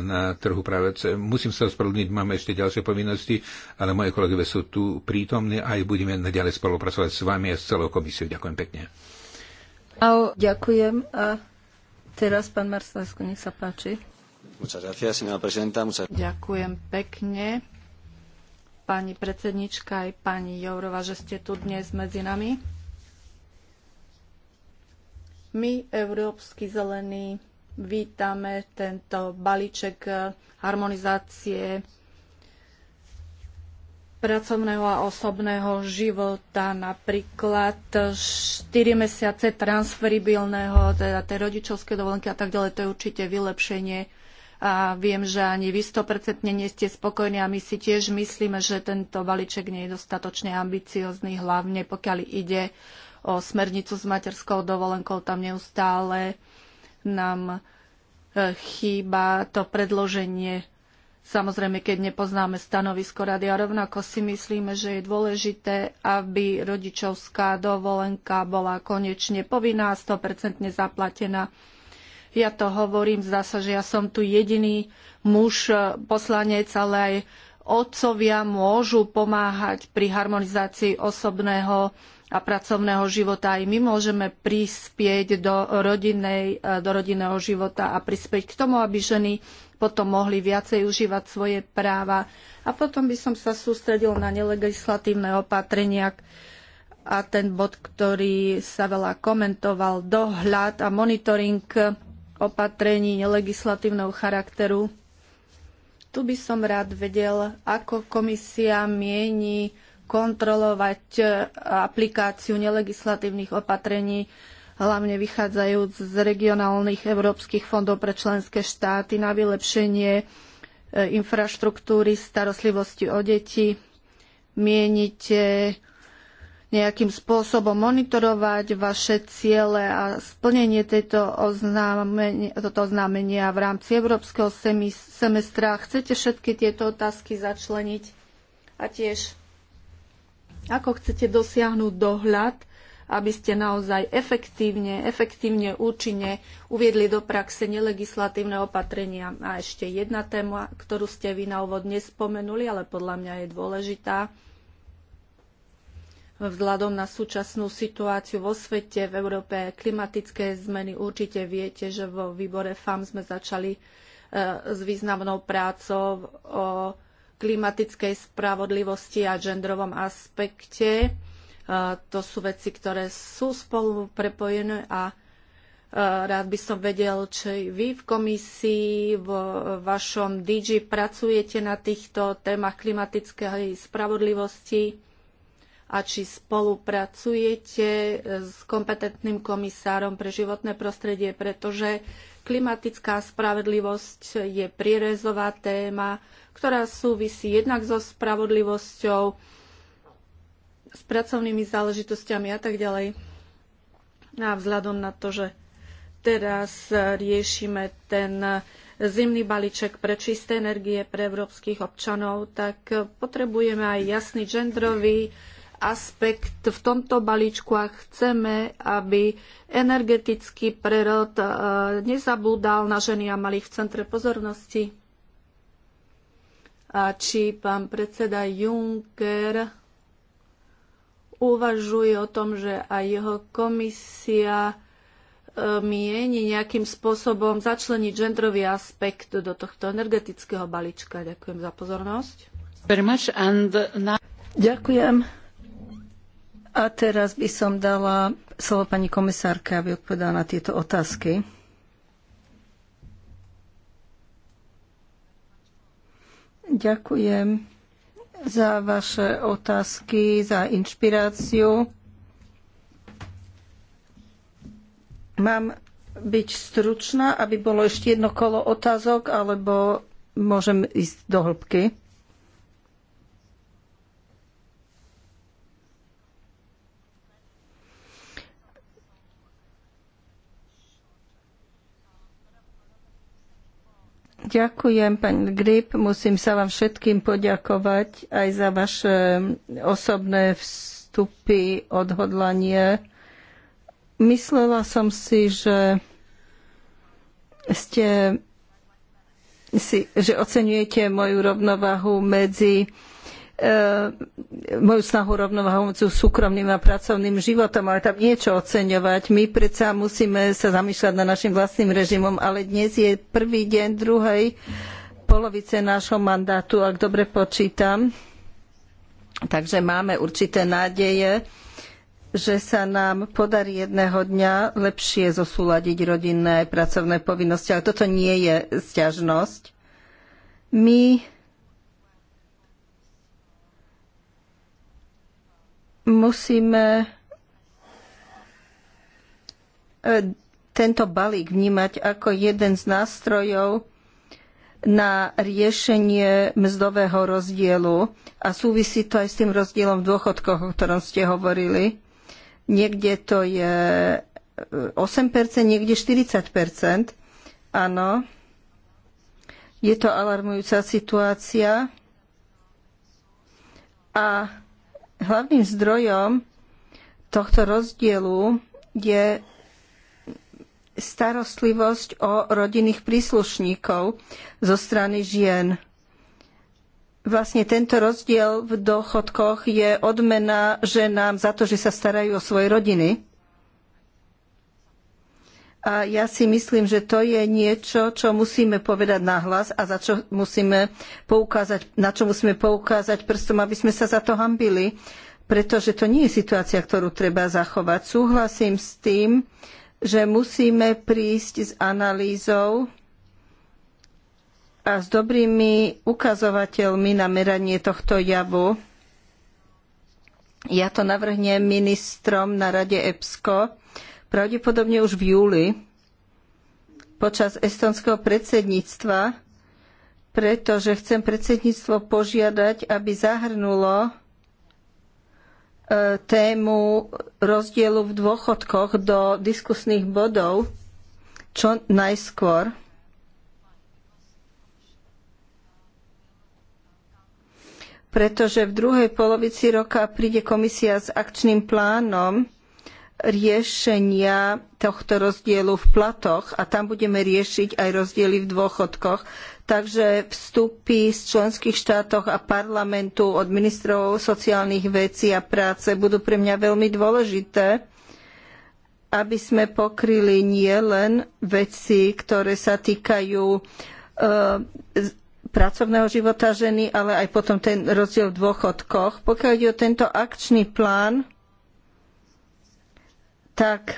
Speaker 3: na trhu práve. Musím sa ospravedlniť, máme ešte ďalšie povinnosti, ale moje kolegové sú tu prítomní a aj budeme naďalej spolupracovať s vami a s celou komisiou. Ďakujem pekne.
Speaker 4: Ďakujem. A
Speaker 2: teraz pán Marslasko, nech sa páči. Ďakujem pekne pani predsednička aj pani Jourova, že ste tu dnes medzi nami. My, Európsky zelení, vítame tento balíček harmonizácie pracovného a osobného života, napríklad 4 mesiace transferibilného, teda tej rodičovské dovolenky a tak ďalej, to je určite vylepšenie a viem, že ani vy 100% nie ste spokojní a my si tiež myslíme, že tento balíček nie je dostatočne ambiciozný, hlavne pokiaľ ide o smernicu s materskou dovolenkou, tam neustále nám e, chýba to predloženie. Samozrejme, keď nepoznáme stanovisko rady a rovnako si myslíme, že je dôležité, aby rodičovská dovolenka bola konečne povinná, 100% zaplatená ja to hovorím, zdá sa, že ja som tu jediný muž, e, poslanec, ale aj otcovia môžu pomáhať pri harmonizácii osobného a pracovného života. Aj my môžeme prispieť do, rodinnej, e, do rodinného života a prispieť k tomu, aby ženy potom mohli viacej užívať svoje práva. A potom by som sa sústredil na nelegislatívne opatrenia a ten bod, ktorý sa veľa komentoval, dohľad a monitoring opatrení nelegislatívneho charakteru. Tu by som rád vedel, ako komisia mieni kontrolovať e, aplikáciu nelegislatívnych opatrení, hlavne vychádzajúc z regionálnych európskych fondov pre členské štáty na vylepšenie e, infraštruktúry starostlivosti o deti. Mienite nejakým spôsobom monitorovať vaše ciele a splnenie tejto oznámenia, toto oznámenia v rámci európskeho semestra? Chcete všetky tieto otázky začleniť? A tiež, ako chcete dosiahnuť dohľad, aby ste naozaj efektívne, efektívne, účinne uviedli do praxe nelegislatívne opatrenia. A ešte jedna téma, ktorú ste vy na úvod nespomenuli, ale podľa mňa je dôležitá vzhľadom na súčasnú situáciu vo svete, v Európe, klimatické zmeny. Určite viete, že vo výbore FAM sme začali e, s významnou prácou o klimatickej spravodlivosti a genderovom aspekte. E, to sú veci, ktoré sú spolu prepojené a e, rád by som vedel, či vy v komisii, v vašom DG pracujete na týchto témach klimatickej spravodlivosti a či spolupracujete s kompetentným komisárom pre životné prostredie, pretože klimatická spravedlivosť je prierezová téma, ktorá súvisí jednak so spravodlivosťou, s pracovnými záležitosťami a tak ďalej. A vzhľadom na to, že teraz riešime ten zimný balíček pre čisté energie pre európskych občanov, tak potrebujeme aj jasný genderový aspekt v tomto balíčku a chceme, aby energetický prerod e, nezabúdal na ženy a malých v centre pozornosti. A či pán predseda Juncker uvažuje o tom, že aj jeho komisia e, mieni nejakým spôsobom začleniť gendrový aspekt do tohto energetického balíčka. Ďakujem za pozornosť. Ďakujem.
Speaker 4: A teraz by som dala slovo pani komisárke, aby odpovedala na tieto otázky. Ďakujem za vaše otázky, za inšpiráciu. Mám byť stručná, aby bolo ešte jedno kolo otázok, alebo môžem ísť do hĺbky? Ďakujem, pani Grip. Musím sa vám všetkým poďakovať aj za vaše mm, osobné vstupy, odhodlanie. Myslela som si, že ste si, že oceňujete moju rovnovahu medzi E, moju snahu rovnováhu medzi súkromným a pracovným životom, ale tam niečo oceňovať. My predsa musíme sa zamýšľať nad našim vlastným režimom, ale dnes je prvý deň druhej polovice nášho mandátu, ak dobre počítam. Takže máme určité nádeje, že sa nám podarí jedného dňa lepšie zosúladiť rodinné pracovné povinnosti, ale toto nie je sťažnosť. My musíme e, tento balík vnímať ako jeden z nástrojov na riešenie mzdového rozdielu a súvisí to aj s tým rozdielom v dôchodkoch, o ktorom ste hovorili. Niekde to je 8%, e, niekde 40%. Áno. Je to alarmujúca situácia. A Hlavným zdrojom tohto rozdielu je starostlivosť o rodinných príslušníkov zo strany žien. Vlastne tento rozdiel v dochodkoch je odmena ženám za to, že sa starajú o svoje rodiny. A ja si myslím, že to je niečo, čo musíme povedať nahlas a za čo musíme poukázať, na čo musíme poukázať prstom, aby sme sa za to hambili, pretože to nie je situácia, ktorú treba zachovať. Súhlasím s tým, že musíme prísť s analýzou a s dobrými ukazovateľmi na meranie tohto javu. Ja to navrhnem ministrom na Rade EPSCO, pravdepodobne už v júli počas estonského predsedníctva, pretože chcem predsedníctvo požiadať, aby zahrnulo e, tému rozdielu v dôchodkoch do diskusných bodov čo najskôr. Pretože v druhej polovici roka príde komisia s akčným plánom riešenia tohto rozdielu v platoch a tam budeme riešiť aj rozdiely v dôchodkoch. Takže vstupy z členských štátov a parlamentu od ministrov sociálnych vecí a práce budú pre mňa veľmi dôležité, aby sme pokryli nielen veci, ktoré sa týkajú e, pracovného života ženy, ale aj potom ten rozdiel v dôchodkoch. Pokiaľ ide o tento akčný plán, tak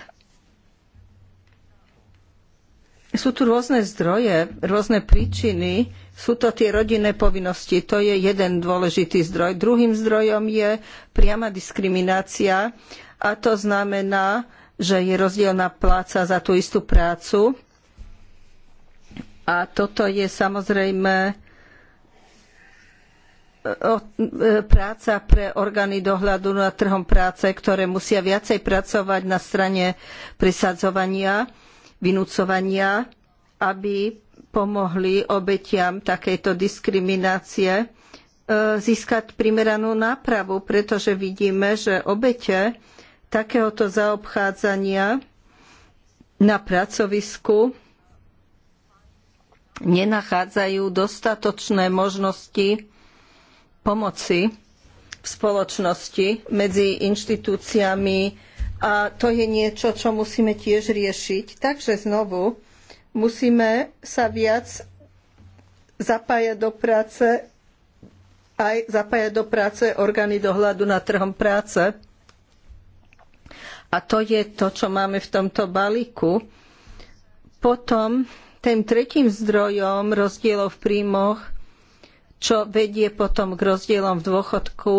Speaker 4: sú tu rôzne zdroje, rôzne príčiny. Sú to tie rodinné povinnosti, to je jeden dôležitý zdroj. Druhým zdrojom je priama diskriminácia a to znamená, že je rozdielna pláca za tú istú prácu. A toto je samozrejme E, práca pre orgány dohľadu nad trhom práce, ktoré musia viacej pracovať na strane prisadzovania, vynúcovania, aby pomohli obetiam takejto diskriminácie e, získať primeranú nápravu, pretože vidíme, že obete takéhoto zaobchádzania na pracovisku nenachádzajú dostatočné možnosti pomoci v spoločnosti medzi inštitúciami a to je niečo, čo musíme tiež riešiť. Takže znovu musíme sa viac zapájať do práce aj zapájať do práce orgány dohľadu na trhom práce. A to je to, čo máme v tomto balíku. Potom tým tretím zdrojom rozdielov v príjmoch čo vedie potom k rozdielom v dôchodku,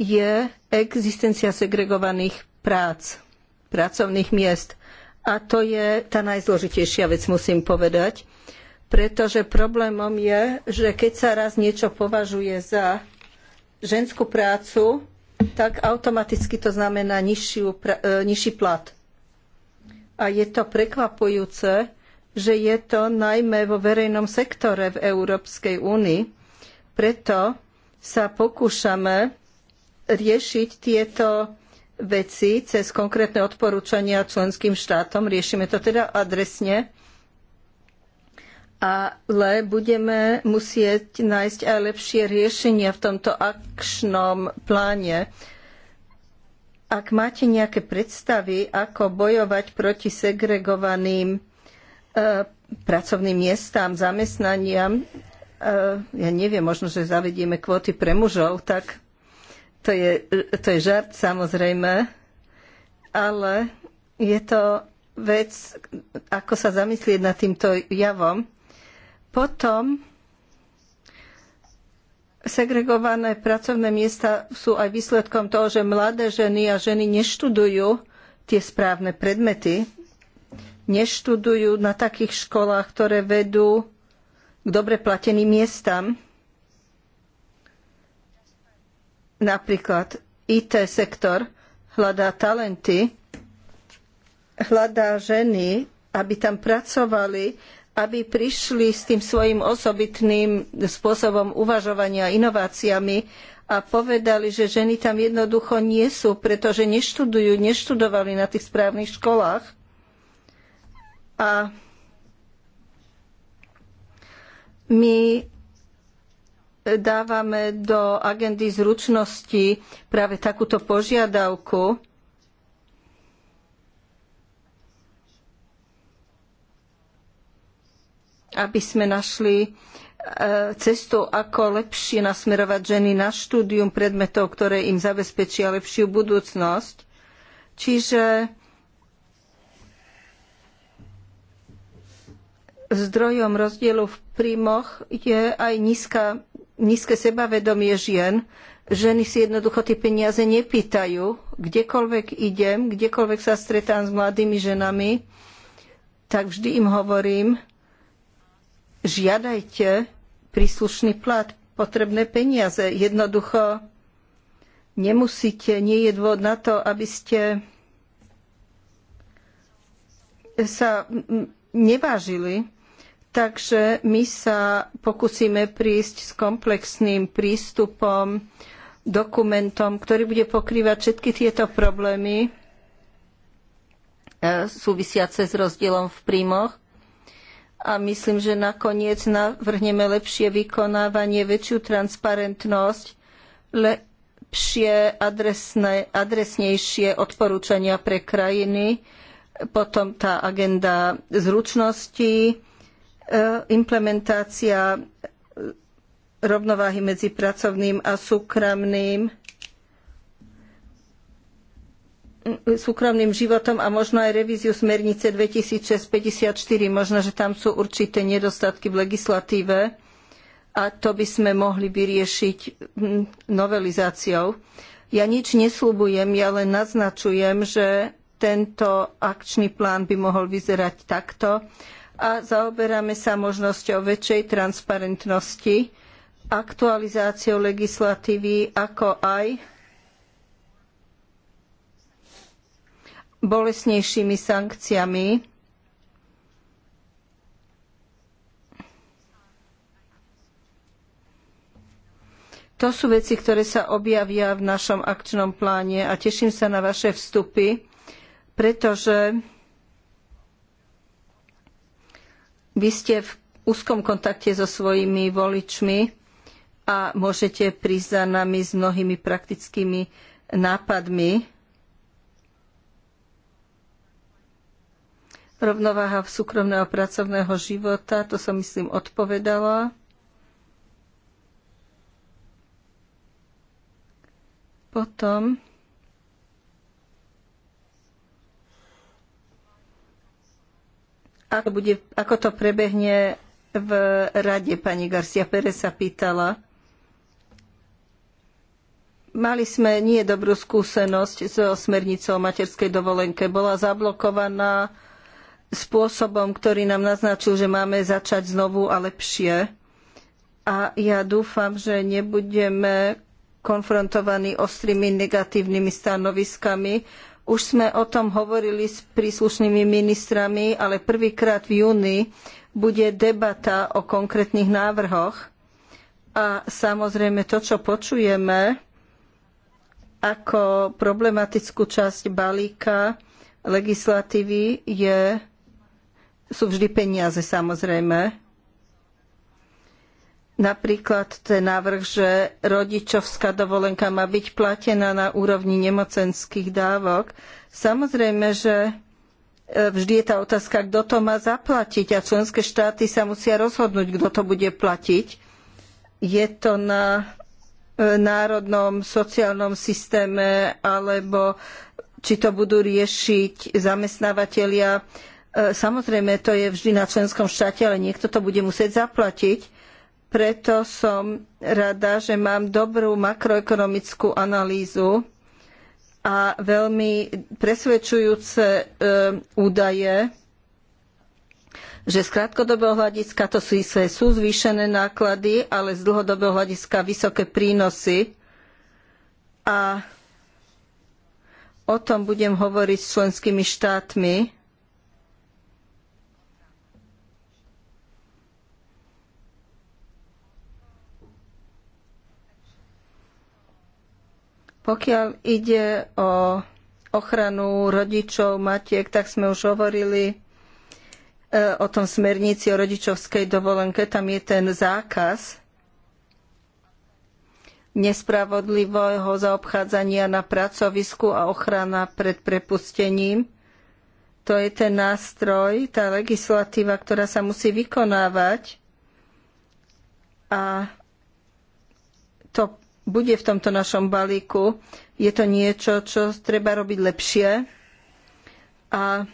Speaker 4: je existencia segregovaných prác, pracovných miest. A to je tá najzložitejšia vec, musím povedať, pretože problémom je, že keď sa raz niečo považuje za ženskú prácu, tak automaticky to znamená nižšiu, e, nižší plat. A je to prekvapujúce, že je to najmä vo verejnom sektore v Európskej únii, preto sa pokúšame riešiť tieto veci cez konkrétne odporúčania členským štátom. Riešime to teda adresne, ale budeme musieť nájsť aj lepšie riešenia v tomto akčnom pláne. Ak máte nejaké predstavy, ako bojovať proti segregovaným e, pracovným miestam, zamestnaniam, Eh, ja neviem, možno, že zavedieme kvóty pre mužov, tak to je, eh, to je žart samozrejme, ale je to vec, ako sa zamyslieť nad týmto javom. Potom segregované pracovné miesta sú aj výsledkom toho, že mladé ženy a ženy neštudujú tie správne predmety, neštudujú na takých školách, ktoré vedú k dobre plateným miestam. Napríklad IT sektor hľadá talenty, hľadá ženy, aby tam pracovali, aby prišli s tým svojim osobitným spôsobom uvažovania inováciami a povedali, že ženy tam jednoducho nie sú, pretože neštudujú, neštudovali na tých správnych školách. A My eh, dávame do agendy zručnosti práve takúto požiadavku. aby sme našli eh, cestu, ako lepšie nasmerovať ženy na štúdium predmetov, ktoré im zabezpečia lepšiu budúcnosť. Čiže zdrojom rozdielu v príjmoch je aj nízka, nízke sebavedomie žien. Ženy si jednoducho tie peniaze nepýtajú. Kdekoľvek idem, kdekoľvek sa stretám s mladými ženami, tak vždy im hovorím, žiadajte príslušný plat, potrebné peniaze. Jednoducho nemusíte, nie je dôvod na to, aby ste sa nevážili. Takže my sa pokúsime prísť s komplexným prístupom, dokumentom, ktorý bude pokrývať všetky tieto problémy e, súvisiace s rozdielom v príjmoch. A myslím, že nakoniec navrhneme lepšie vykonávanie, väčšiu transparentnosť, lepšie adresné, adresnejšie odporúčania pre krajiny, potom tá agenda zručností, E, implementácia rovnováhy medzi pracovným a súkromným súkromným životom a možno aj revíziu smernice 2654. Možno, že tam sú určité nedostatky v legislatíve a to by sme mohli vyriešiť hm, novelizáciou. Ja nič nesľubujem, ja len naznačujem, že tento akčný plán by mohol vyzerať takto a zaoberáme sa možnosťou väčšej transparentnosti, aktualizáciou legislatívy, ako aj bolesnejšími sankciami. To sú veci, ktoré sa objavia v našom akčnom pláne a teším sa na vaše vstupy, pretože Vy ste v úzkom kontakte so svojimi voličmi a môžete prísť za nami s mnohými praktickými nápadmi. Rovnováha v súkromného pracovného života, to som myslím odpovedala. Potom Ako, bude, ako to prebehne v rade, pani Garcia Pérez sa pýtala. Mali sme nie dobrú skúsenosť so smernicou o materskej dovolenke. Bola zablokovaná spôsobom, ktorý nám naznačil, že máme začať znovu a lepšie. A ja dúfam, že nebudeme konfrontovaní ostrými negatívnymi stanoviskami, už sme o tom hovorili s príslušnými ministrami, ale prvýkrát v júni bude debata o konkrétnych návrhoch. A samozrejme to, čo počujeme ako problematickú časť balíka legislatívy, je, sú vždy peniaze samozrejme. Napríklad ten návrh, že rodičovská dovolenka má byť platená na úrovni nemocenských dávok. Samozrejme, že e, vždy je tá otázka, kto to má zaplatiť a členské štáty sa musia rozhodnúť, kto to bude platiť. Je to na e, národnom sociálnom systéme alebo či to budú riešiť zamestnávateľia. E, samozrejme, to je vždy na členskom štáte, ale niekto to bude musieť zaplatiť. Preto som rada, že mám dobrú makroekonomickú analýzu a veľmi presvedčujúce e, údaje, že z krátkodobého hľadiska to sú, sú zvýšené náklady, ale z dlhodobého hľadiska vysoké prínosy. A o tom budem hovoriť s členskými štátmi Pokiaľ ide o ochranu rodičov, matiek, tak sme už hovorili e, o tom smernici o rodičovskej dovolenke. Tam je ten zákaz nespravodlivého zaobchádzania na pracovisku a ochrana pred prepustením. To je ten nástroj, tá legislatíva, ktorá sa musí vykonávať. A bude v tomto našom balíku. Je to niečo, čo treba robiť lepšie a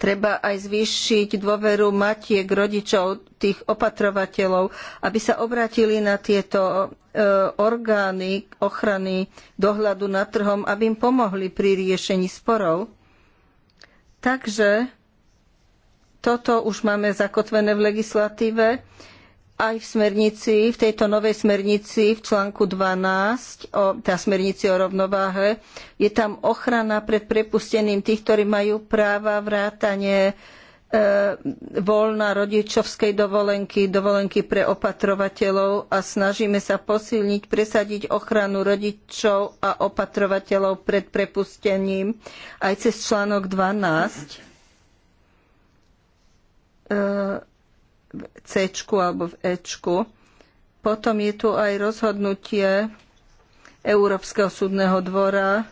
Speaker 4: treba aj zvýšiť dôveru matiek, rodičov, tých opatrovateľov, aby sa obrátili na tieto e, orgány ochrany dohľadu nad trhom, aby im pomohli pri riešení sporov. Takže toto už máme zakotvené v legislatíve aj v smernici, v tejto novej smernici v článku 12, o, tá smernici o rovnováhe, je tam ochrana pred prepustením tých, ktorí majú práva vrátane e, voľna rodičovskej dovolenky, dovolenky pre opatrovateľov a snažíme sa posilniť, presadiť ochranu rodičov a opatrovateľov pred prepustením aj cez článok 12. E, v C alebo v E. Potom je tu aj rozhodnutie Európskeho súdneho dvora.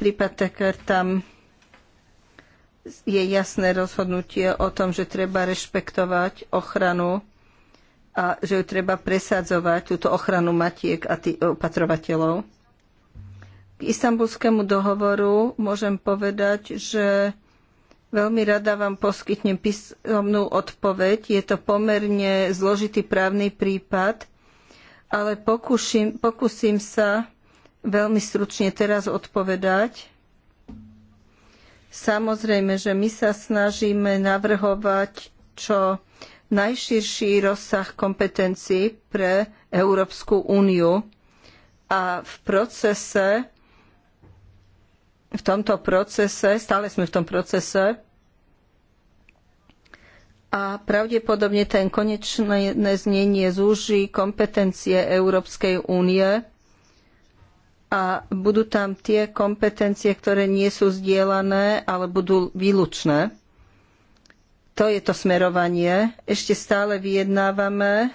Speaker 4: Prípad Teker tam je jasné rozhodnutie o tom, že treba rešpektovať ochranu a že ju treba presadzovať, túto ochranu matiek a tý, opatrovateľov. K istambulskému dohovoru môžem povedať, že Veľmi rada vám poskytnem písomnú odpoveď. Je to pomerne zložitý právny prípad, ale pokúšim, pokúsim sa veľmi stručne teraz odpovedať. Samozrejme, že my sa snažíme navrhovať čo najširší rozsah kompetencií pre Európsku úniu a v procese v tomto procese, stále sme v tom procese a pravdepodobne ten konečné znenie zúži kompetencie Európskej únie a budú tam tie kompetencie, ktoré nie sú zdieľané, ale budú výlučné. To je to smerovanie. Ešte stále vyjednávame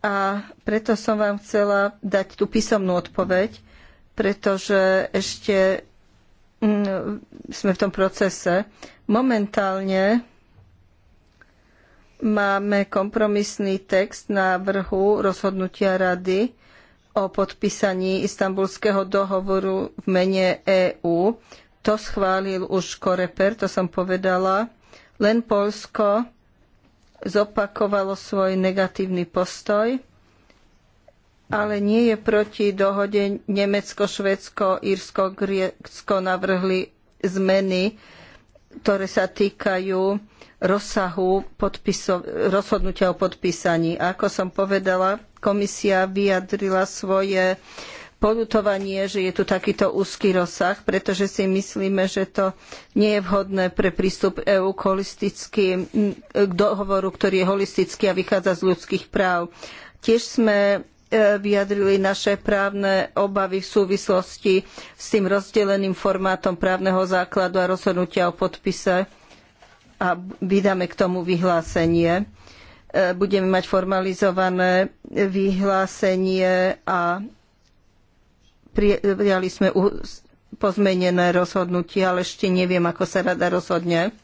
Speaker 4: a preto som vám chcela dať tú písomnú odpoveď pretože ešte mm, sme v tom procese. Momentálne máme kompromisný text návrhu rozhodnutia rady o podpísaní istambulského dohovoru v mene EÚ. To schválil už Koreper, to som povedala. Len Polsko zopakovalo svoj negatívny postoj ale nie je proti dohode Nemecko, Švedsko, Írsko, Grécko navrhli zmeny, ktoré sa týkajú rozsahu rozhodnutia o podpísaní. A ako som povedala, komisia vyjadrila svoje poľutovanie, že je tu takýto úzky rozsah, pretože si myslíme, že to nie je vhodné pre prístup EÚ k, k dohovoru, ktorý je holistický a vychádza z ľudských práv. Tiež sme E, vyjadrili naše právne obavy v súvislosti s tým rozdeleným formátom právneho základu a rozhodnutia o podpise a vydáme k tomu vyhlásenie. E, budeme mať formalizované vyhlásenie a prijali sme pozmenené rozhodnutie, ale ešte neviem, ako sa rada rozhodne.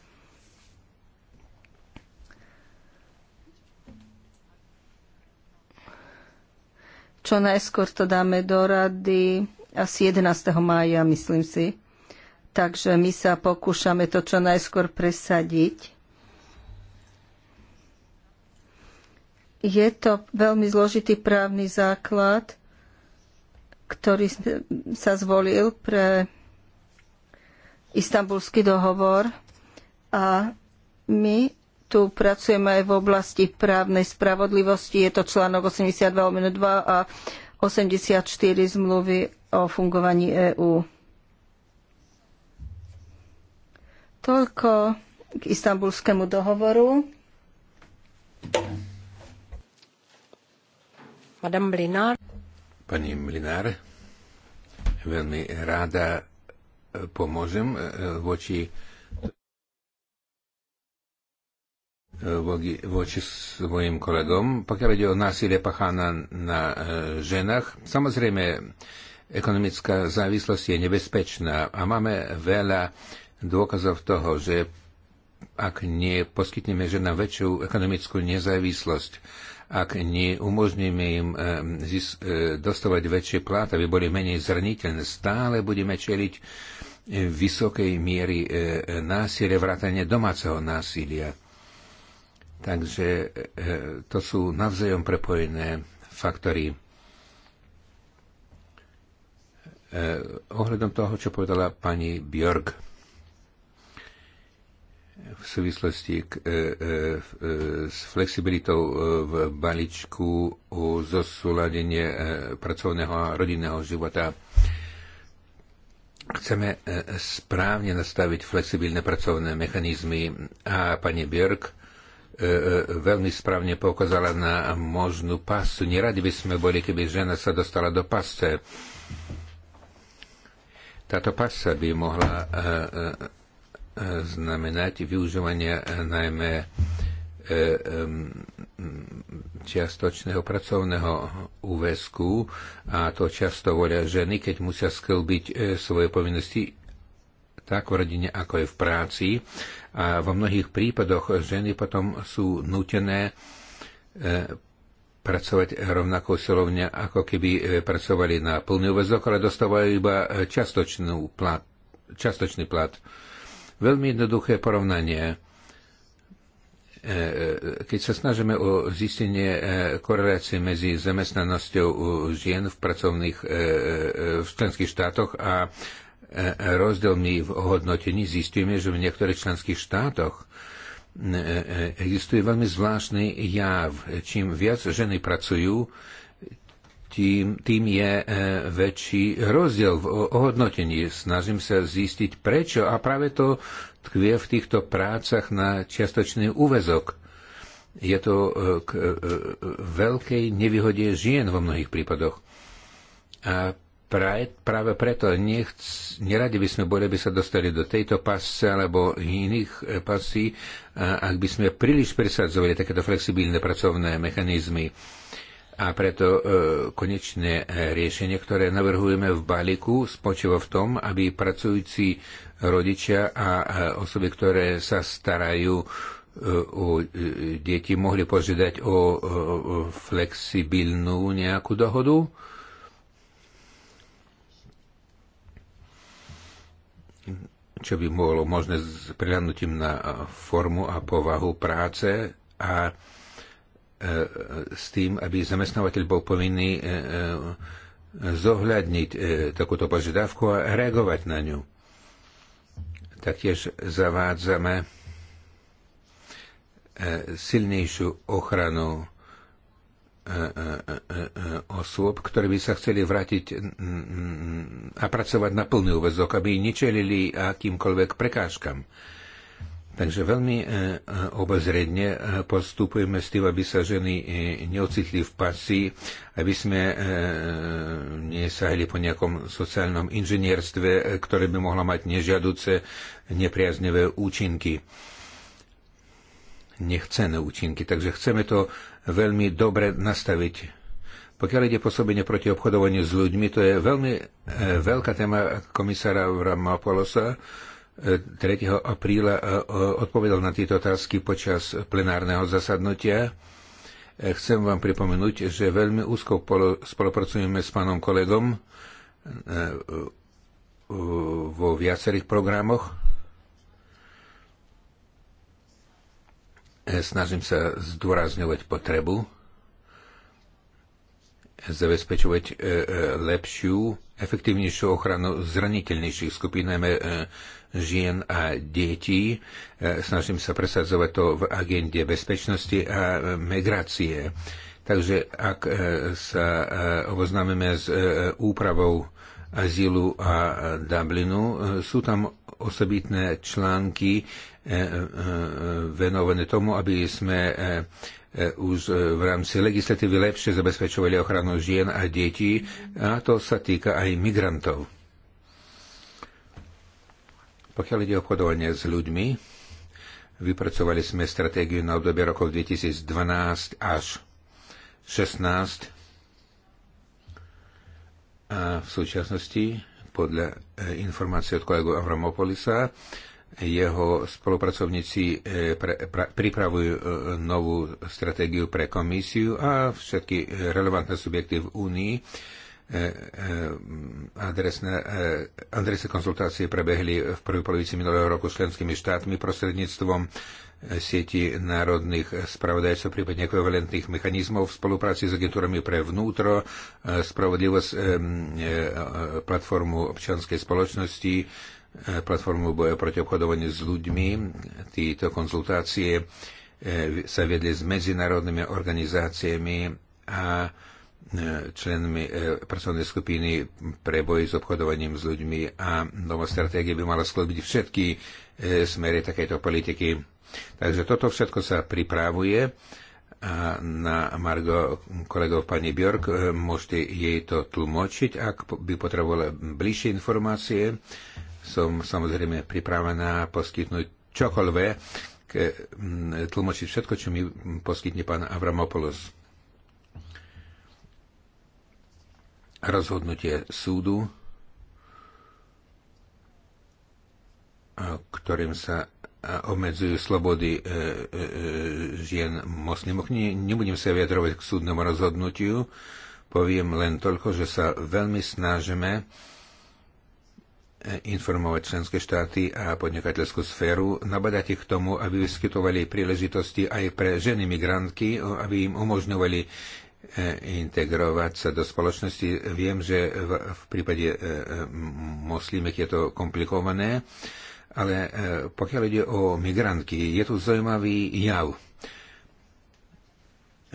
Speaker 4: Čo najskôr to dáme do rady asi 11. mája, myslím si. Takže my sa pokúšame to čo najskôr presadiť. Je to veľmi zložitý právny základ, ktorý sa zvolil pre istambulský dohovor a my tu pracujeme aj v oblasti právnej spravodlivosti. Je to článok 82 2 a 84 zmluvy o fungovaní EÚ. Toľko k istambulskému dohovoru. Madame Mlinár.
Speaker 3: Pani Mlinár, veľmi ráda pomôžem eh, voči voči svojim kolegom, pokiaľ ide o násilie pachána na e, ženách. Samozrejme, ekonomická závislosť je nebezpečná a máme veľa dôkazov toho, že ak neposkytneme ženám väčšiu ekonomickú nezávislosť, ak neumožníme im e, e, dostávať väčšie plát, aby boli menej zraniteľné, stále budeme čeliť vysokej miery násilia, vrátane domáceho násilia. Takže e, to sú navzájom prepojené faktory. E, ohľadom toho, čo povedala pani Björk v súvislosti k, e, e, e s flexibilitou v balíčku o zosúladenie pracovného a rodinného života. Chceme správne nastaviť flexibilné pracovné mechanizmy a pani Björk E, e, veľmi správne poukázala na možnú pascu. Neradi by sme boli, keby žena sa dostala do pasce. Táto pasca by mohla e, znamenať využívanie najmä čiastočného pracovného úväzku a to často volia ženy, keď musia sklbiť svoje povinnosti tak v rodine, ako aj v práci. A vo mnohých prípadoch ženy potom sú nutené e, pracovať rovnako silovne, ako keby e, pracovali na plný úvezok, ale dostávajú iba e, plat, častočný plat. Veľmi jednoduché porovnanie. Keď sa snažíme o zistenie korelácie medzi zamestnanosťou žien v pracovných v členských štátoch a rozdielmi v hodnotení, zistíme, že v niektorých členských štátoch e, e, existuje veľmi zvláštny jav. Čím viac ženy pracujú, tým, tým je e, väčší rozdiel v ohodnotení. Snažím sa zistiť prečo a práve to tkvie v týchto prácach na čiastočný úvezok. Je to k veľkej nevýhode žien vo mnohých prípadoch. A pre, práve preto nechc, neradi by sme boli, aby sa dostali do tejto pasce alebo iných e, pasí, ak by sme príliš presadzovali takéto flexibilné pracovné mechanizmy. A preto e, konečné e, riešenie, ktoré navrhujeme v balíku, spočíva v tom, aby pracujúci rodičia a osoby, ktoré sa starajú e, o deti, mohli požiadať o flexibilnú nejakú dohodu čo by bolo možné s prihľadnutím na formu a povahu práce a e, s tým, aby zamestnávateľ bol povinný e, e, zohľadniť takúto požiadavku a reagovať na ňu. Taktiež zavádzame silnejšiu ochranu osôb, ktoré by sa chceli vrátiť a pracovať na plný úvezok, aby nečelili akýmkoľvek prekážkam. Takže veľmi e, obozredne e, postupujeme s tým, aby sa ženy e, neocitli v pasi, aby sme nesahli po nejakom sociálnom inžinierstve, ktoré by mohlo mať nežiaduce, nepriaznevé účinky nechcené účinky. Takže chceme to veľmi dobre nastaviť. Pokiaľ ide pôsobenie proti obchodovaniu s ľuďmi, to je veľmi e, veľká téma komisára E, 3. apríla e, odpovedal na tieto otázky počas plenárneho zasadnutia. E, chcem vám pripomenúť, že veľmi úzko spolupracujeme s pánom kolegom e, vo viacerých programoch Snažím sa zdôrazňovať potrebu zabezpečovať e, e, lepšiu, efektívnejšiu ochranu zraniteľnejších skupín, najmä e, žien a detí. Snažím sa presadzovať to v agende bezpečnosti a migrácie. Takže ak sa oboznámime s úpravou azylu a Dublinu, sú tam osobitné články E, e, e, venované tomu, aby sme už v rámci legislatívy lepšie zabezpečovali ochranu žien a detí a to sa týka aj migrantov. Pokiaľ ide o obchodovanie s ľuďmi, vypracovali sme stratégiu na obdobie rokov 2012 až 16 a v súčasnosti podľa informácie od kolegu Avramopolisa jeho spolupracovníci e, pre, pra, pripravujú e, novú stratégiu pre komisiu a všetky e, relevantné subjekty v Únii. Adresné, adresné konzultácie prebehli v prvej polovici minulého roku s členskými štátmi prostredníctvom sieti národných spravodajcov, prípadne ekvivalentných mechanizmov v spolupráci s agentúrami pre vnútro, spravodlivosť platformu občianskej spoločnosti, platformu boja proti obchodovaniu s ľuďmi. Títo konzultácie e, sa vedli s medzinárodnými organizáciami a e, členmi e, pracovnej skupiny pre boj s obchodovaním s ľuďmi a nová stratégia by mala sklobiť všetky smery takejto politiky. Takže toto všetko sa pripravuje a na Margo kolegov pani Bjork môžete jej to tlmočiť, ak by potrebovala bližšie informácie som samozrejme pripravená poskytnúť čokoľvek, tlmočiť všetko, čo mi poskytne pán Avramopoulos. Rozhodnutie súdu, ktorým sa obmedzujú slobody e, e, e, žien moslimok. Nebudem sa vyjadrovať k súdnemu rozhodnutiu, poviem len toľko, že sa veľmi snažíme informovať členské štáty a podnikateľskú sféru, nabadať ich k tomu, aby vyskytovali príležitosti aj pre ženy migrantky, aby im umožňovali e, integrovať sa do spoločnosti. Viem, že v, prípade e, moslimek je to komplikované, ale e, pokiaľ ide o migrantky, je tu zaujímavý jav.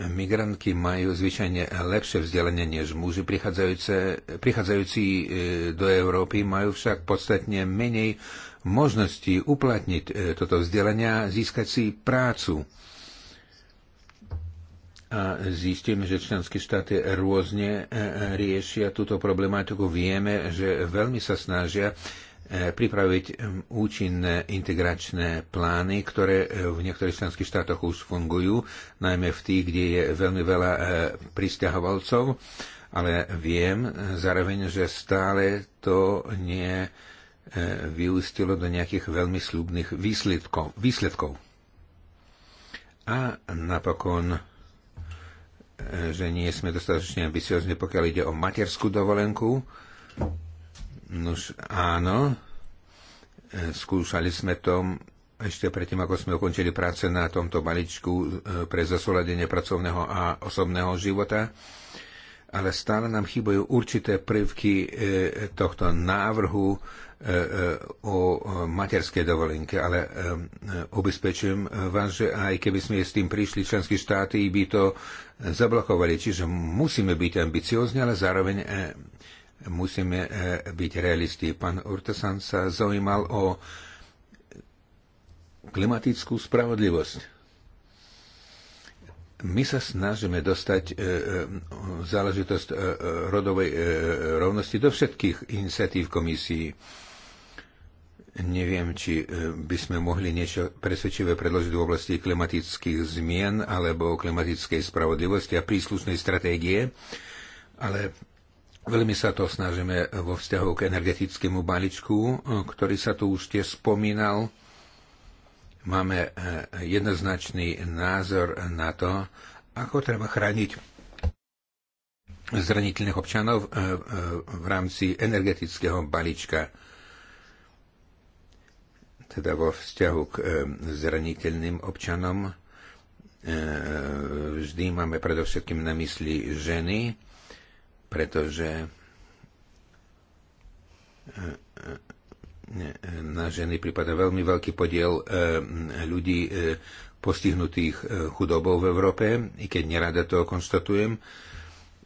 Speaker 3: Migrantky majú zvyčajne lepšie vzdelanie než muži. Prichádzajúci e, do Európy majú však podstatne menej možností uplatniť e, toto a získať si prácu. A zistíme, že členské štáty rôzne e, riešia túto problematiku. Vieme, že veľmi sa snažia Eh, pripraviť účinné integračné plány, ktoré eh, v niektorých členských štátoch už fungujú, najmä v tých, kde je veľmi veľa eh, pristahovalcov, ale viem zároveň, že stále to nie vyústilo do nejakých veľmi slubných výsledkov. výsledkov. A napokon že nie sme dostatočne ambiciozni, pokiaľ ide o materskú dovolenku. Nož áno, e, skúšali sme to ešte predtým, ako sme ukončili práce na tomto maličku e, pre zasoladenie pracovného a osobného života, ale stále nám chýbajú určité prvky e, tohto návrhu o materskej dovolenke, ale ubezpečujem vás, že aj keby sme s tým prišli členské štáty, by to zablokovali. Čiže musíme byť ambiciozni, ale zároveň Musíme e, byť realisti. Pán Urtasan sa zaujímal o klimatickú spravodlivosť. My sa snažíme dostať e, e, záležitosť rodovej rovnosti do všetkých iniciatív komisii. Neviem, či by sme mohli niečo presvedčivé predložiť v oblasti klimatických zmien alebo klimatickej spravodlivosti a príslušnej stratégie, ale Veľmi sa to snažíme vo vzťahu k energetickému balíčku, e, ktorý sa tu už tiež spomínal. Máme e, jednoznačný názor na to, ako treba chrániť zraniteľných občanov e, v rámci energetického balíčka teda vo vzťahu k zraniteľným občanom. Vždy máme predovšetkým na mysli ženy, pretože e, e, e, na ženy prípada veľmi veľký podiel ľudí postihnutých chudobou v Európe, i keď nerada to konštatujem.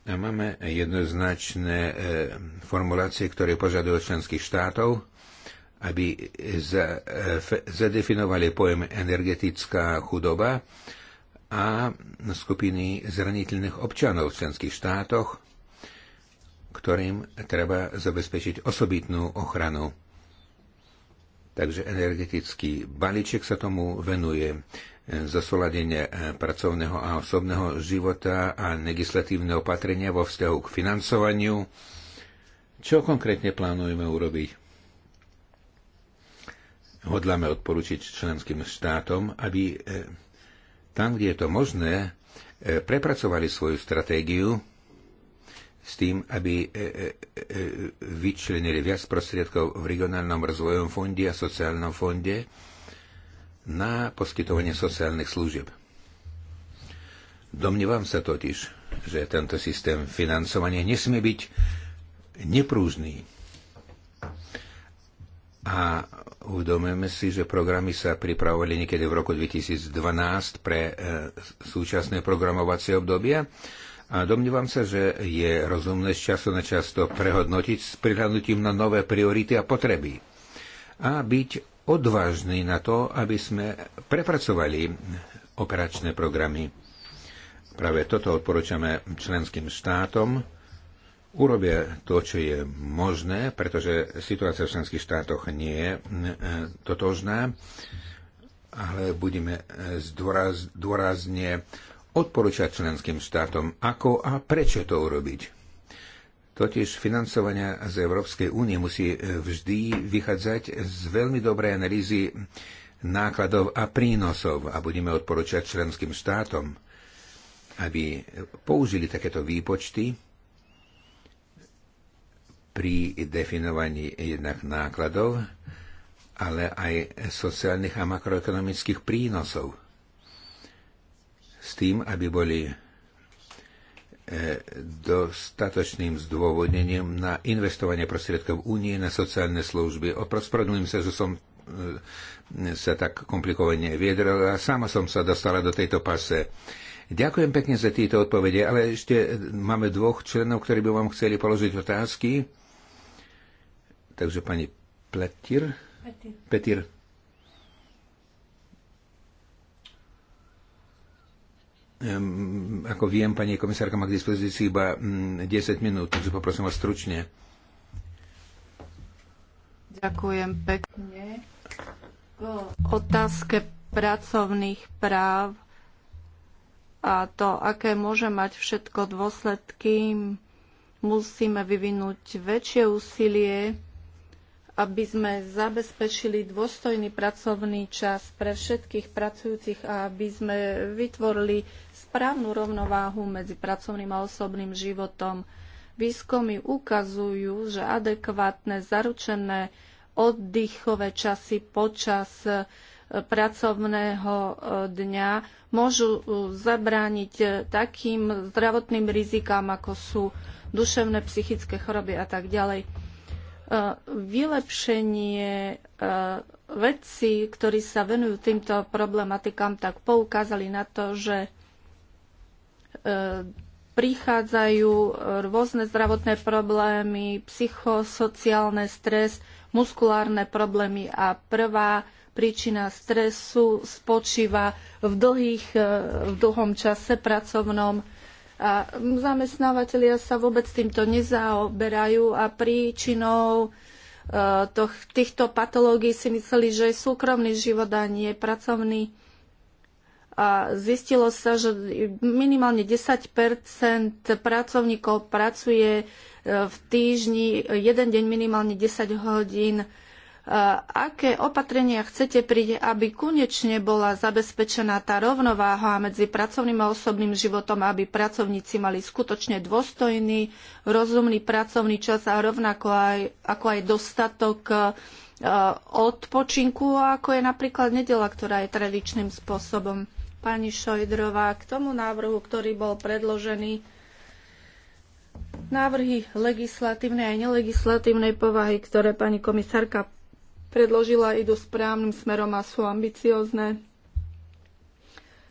Speaker 3: A máme jednoznačné formulácie, ktoré požadujú členských štátov, aby zadefinovali pojem energetická chudoba a skupiny zraniteľných občanov v členských štátoch, ktorým treba zabezpečiť osobitnú ochranu. Takže energetický balíček sa tomu venuje. zasoladenie eh, pracovného a osobného života a legislatívne opatrenia vo vzťahu k financovaniu. Čo konkrétne plánujeme urobiť? Hodláme odporučiť členským štátom, aby eh, tam, kde je to možné, eh, prepracovali svoju stratégiu s tým, aby e, e, e, vyčlenili viac prostriedkov v regionálnom rozvojovom fonde a sociálnom fonde na poskytovanie sociálnych služieb. Domnívam sa totiž, že tento systém financovania nesmie byť neprúžný. A uvedomujeme si, že programy sa pripravovali niekedy v roku 2012 pre e, súčasné programovacie obdobia. E, a domnívam sa, že je rozumné z času na čas to prehodnotiť s prihľadnutím na nové priority a potreby. A byť odvážny na to, aby sme prepracovali operačné programy. Práve toto odporúčame členským štátom. Urobia to, čo je možné, pretože situácia v členských štátoch nie je e, totožná, ale budeme e, zdôrazne odporúčať členským štátom, ako a prečo to urobiť. Totiž financovania z Európskej únie musí e, vždy vychádzať z veľmi dobrej analýzy nákladov a prínosov a budeme odporúčať členským štátom, aby použili takéto výpočty pri definovaní jednak nákladov, ale aj sociálnych a makroekonomických prínosov s tým, aby boli e, dostatočným zdôvodnením na investovanie prostriedkov únie na sociálne služby. Ospravedlňujem sa, že som e, sa tak komplikovane viedrel a sama som sa dostala do tejto pase. Ďakujem pekne za tieto odpovede, ale ešte máme dvoch členov, ktorí by vám chceli položiť otázky. Takže pani Pletir. Petir. Petir. ako viem, pani komisárka má k dispozícii iba 10 mm, minút, takže poprosím vás stručne.
Speaker 2: Ďakujem pekne. K otázke pracovných práv a to, aké môže mať všetko dôsledky, musíme vyvinúť väčšie úsilie aby sme zabezpečili dôstojný pracovný čas pre všetkých pracujúcich a aby sme vytvorili správnu rovnováhu medzi pracovným a osobným životom. Výskumy ukazujú, že adekvátne zaručené oddychové časy počas e, pracovného e, dňa môžu e, zabrániť takým zdravotným rizikám, ako sú duševné, psychické choroby a tak ďalej vylepšenie e, vedci, ktorí sa venujú týmto problematikám, tak poukázali na to, že e, prichádzajú rôzne zdravotné problémy, psychosociálne stres, muskulárne problémy a prvá príčina stresu spočíva v, dlhých, e, v dlhom čase pracovnom a zamestnávateľia sa vôbec týmto nezaoberajú a príčinou e, týchto patológií si mysleli, že je súkromný život a nie pracovný. A zistilo sa, že minimálne 10 pracovníkov pracuje e, v týždni jeden deň minimálne 10 hodín aké opatrenia chcete príde, aby konečne bola zabezpečená tá rovnováha medzi pracovným a osobným životom, aby pracovníci mali skutočne dôstojný, rozumný pracovný čas a rovnako aj, ako aj dostatok e, odpočinku, ako je napríklad nedela, ktorá je tradičným spôsobom. Pani Šojdrová, k tomu návrhu, ktorý bol predložený, návrhy legislatívnej aj nelegislatívnej povahy, ktoré pani komisárka predložila, idú správnym smerom a sú ambiciozne.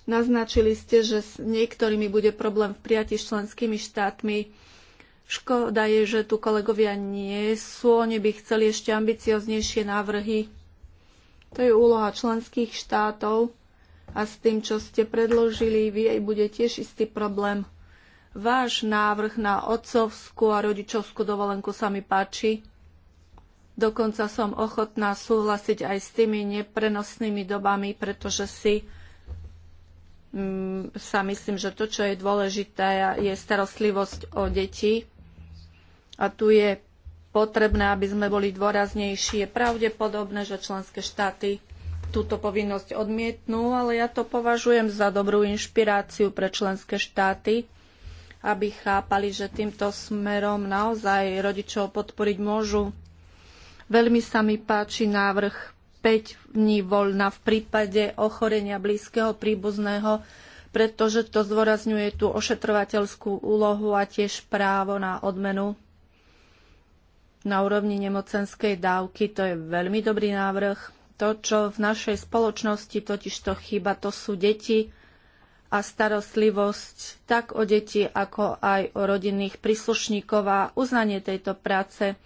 Speaker 2: Naznačili ste, že s niektorými bude problém v prijati s členskými štátmi. Škoda je, že tu kolegovia nie sú. Oni by chceli ešte ambicioznejšie návrhy. To je úloha členských štátov a s tým, čo ste predložili, vy aj bude tiež istý problém. Váš návrh na otcovskú a rodičovskú dovolenku sa mi páči. Dokonca som ochotná súhlasiť aj s tými neprenosnými dobami, pretože si mm, sa myslím, že to, čo je dôležité, je starostlivosť o deti. A tu je potrebné, aby sme boli dôraznejší. Je pravdepodobné, že členské štáty túto povinnosť odmietnú, ale ja to považujem za dobrú inšpiráciu pre členské štáty, aby chápali, že týmto smerom naozaj rodičov podporiť môžu. Veľmi sa mi páči návrh 5 dní voľna v prípade ochorenia blízkeho príbuzného, pretože to zdôrazňuje tú ošetrovateľskú úlohu a tiež právo na odmenu na úrovni nemocenskej dávky. To je veľmi dobrý návrh. To, čo v našej spoločnosti totiž to chýba, to sú deti a starostlivosť tak o deti, ako aj o rodinných príslušníkov a uznanie tejto práce.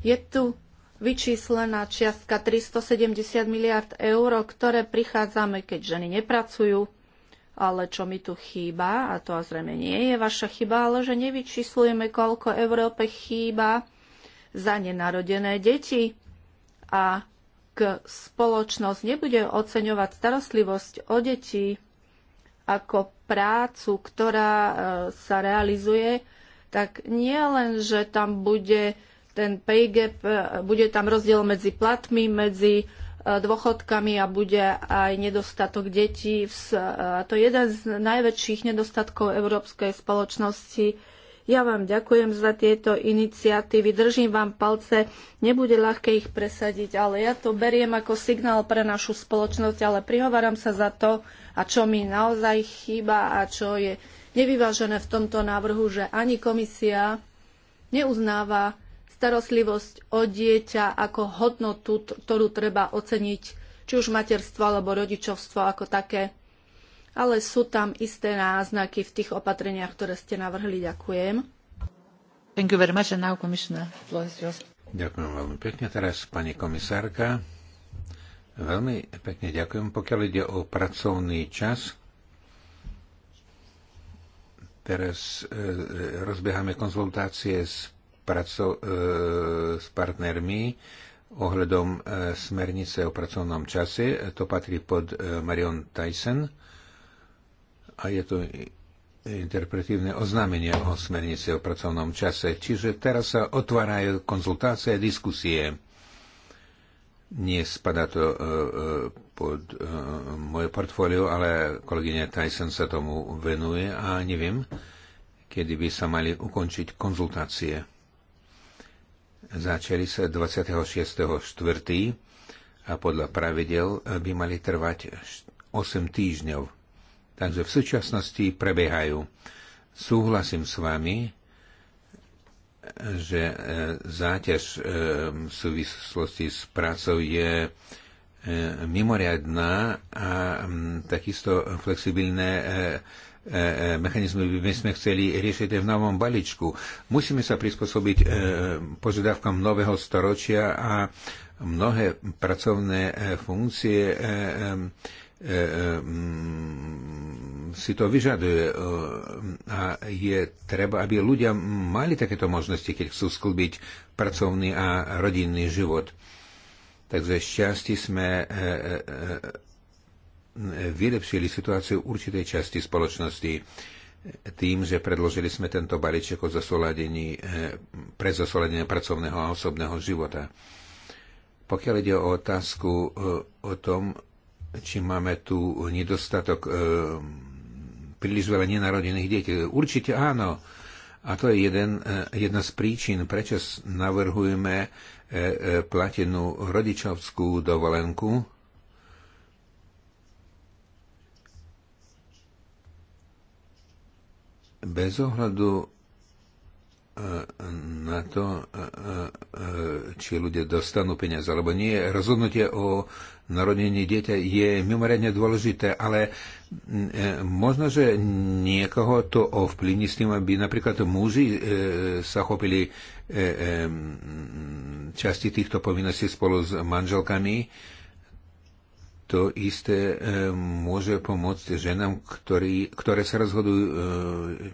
Speaker 2: Je tu vyčíslená čiastka 370 miliard eur, ktoré prichádzame, keď ženy nepracujú. Ale čo mi tu chýba, a to zrejme nie je vaša chyba, ale že nevyčíslujeme, koľko Európe chýba za nenarodené deti. A k spoločnosť nebude oceňovať starostlivosť o deti ako prácu, ktorá e, sa realizuje, tak nie len, že tam bude ten pay gap, e, bude tam rozdiel medzi platmi, medzi e, dôchodkami a bude aj nedostatok detí. E, a to je jeden z najväčších nedostatkov európskej spoločnosti. Ja vám ďakujem za tieto iniciatívy, držím vám palce, nebude ľahké ich presadiť, ale ja to beriem ako signál pre našu spoločnosť, ale prihováram sa za to, a čo mi naozaj chýba a čo je nevyvážené v tomto návrhu, že ani komisia neuznáva starostlivosť o dieťa ako hodnotu, ktorú treba oceniť, či už materstvo alebo rodičovstvo ako také. Ale sú tam isté náznaky v tých opatreniach, ktoré ste navrhli. Ďakujem. Thank you very much. And now, Commissioner,
Speaker 3: Ďakujem veľmi pekne. Teraz pani komisárka. Veľmi pekne ďakujem. Pokiaľ ide o pracovný čas, teraz e, e, rozbiehame konzultácie s praco- e, s partnermi ohľadom e, smernice o pracovnom čase. To patrí pod e, Marion Tyson a je to interpretívne oznámenie o smernice o pracovnom čase. Čiže teraz sa otvárajú konzultácie a diskusie. Nie spada to pod moje portfólio, ale kolegyňa Tyson sa tomu venuje a neviem, kedy by sa mali ukončiť konzultácie. Začali sa 26.4. a podľa pravidel by mali trvať 8 týždňov. Takže v súčasnosti prebiehajú. Súhlasím s vami, že e, záťaž e, v súvislosti s prácou je e, mimoriadná a takisto flexibilné E, e, mechanizmy by sme chceli riešiť v novom balíčku. Musíme sa prispôsobiť e, požiadavkám nového storočia a mnohé pracovné funkcie si to vyžaduje a je treba, aby ľudia mali takéto možnosti, keď chcú sklbiť pracovný a rodinný život. Takže šťastí sme vylepšili situáciu určitej časti spoločnosti tým, že predložili sme tento balíček o zasoladení e, pre zasoladenie pracovného a osobného života. Pokiaľ ide o otázku e, o tom, či máme tu nedostatok e, príliš veľa nenarodených detí, určite áno. A to je jeden, jedna z príčin, prečo navrhujeme platenú rodičovskú dovolenku, bez ohľadu e, na to, e, e, či ľudia dostanú peniaze alebo nie. Rozhodnutie o narodení dieťa je mimoriadne dôležité, ale možno, že niekoho to ovplyvní s tým, aby napríklad muži sa chopili časti týchto povinností spolu s manželkami to isté e, môže pomôcť ženám, ktorý, ktoré sa rozhodujú, e,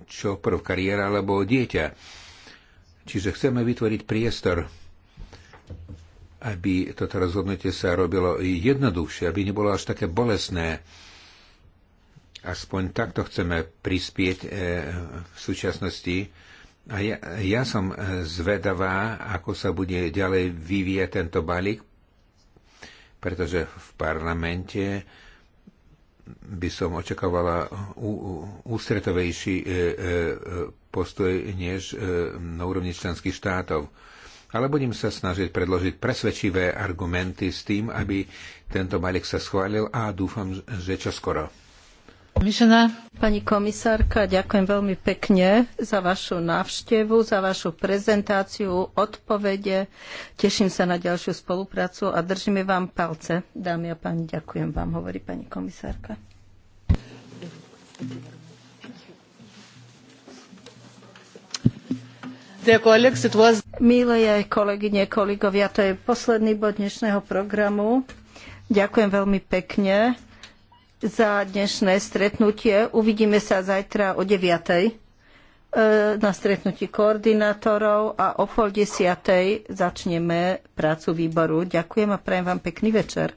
Speaker 3: čo prv, kariéra alebo dieťa. Čiže chceme vytvoriť priestor, aby toto rozhodnutie sa robilo jednoduchšie, aby nebolo až také bolesné. Aspoň takto chceme prispieť e, v súčasnosti. A ja, ja som zvedavá, ako sa bude ďalej vyvíjať tento balík, pretože v parlamente by som očakávala ústretovejší e, e, postoj než e, na úrovni členských štátov. Ale budem sa snažiť predložiť presvedčivé argumenty s tým, aby tento balík sa schválil a dúfam, že čoskoro.
Speaker 4: Pani komisárka, ďakujem veľmi pekne za vašu návštevu, za vašu prezentáciu, odpovede. Teším sa na ďalšiu spoluprácu a držíme vám palce. Dámy a páni, ďakujem vám, hovorí pani komisárka. Milé kolegyne, kolegovia, to je posledný bod dnešného programu. Ďakujem veľmi pekne za dnešné stretnutie. Uvidíme sa zajtra o 9.00 e, na stretnutí koordinátorov a o pol desiatej začneme prácu výboru. Ďakujem a prajem vám pekný večer.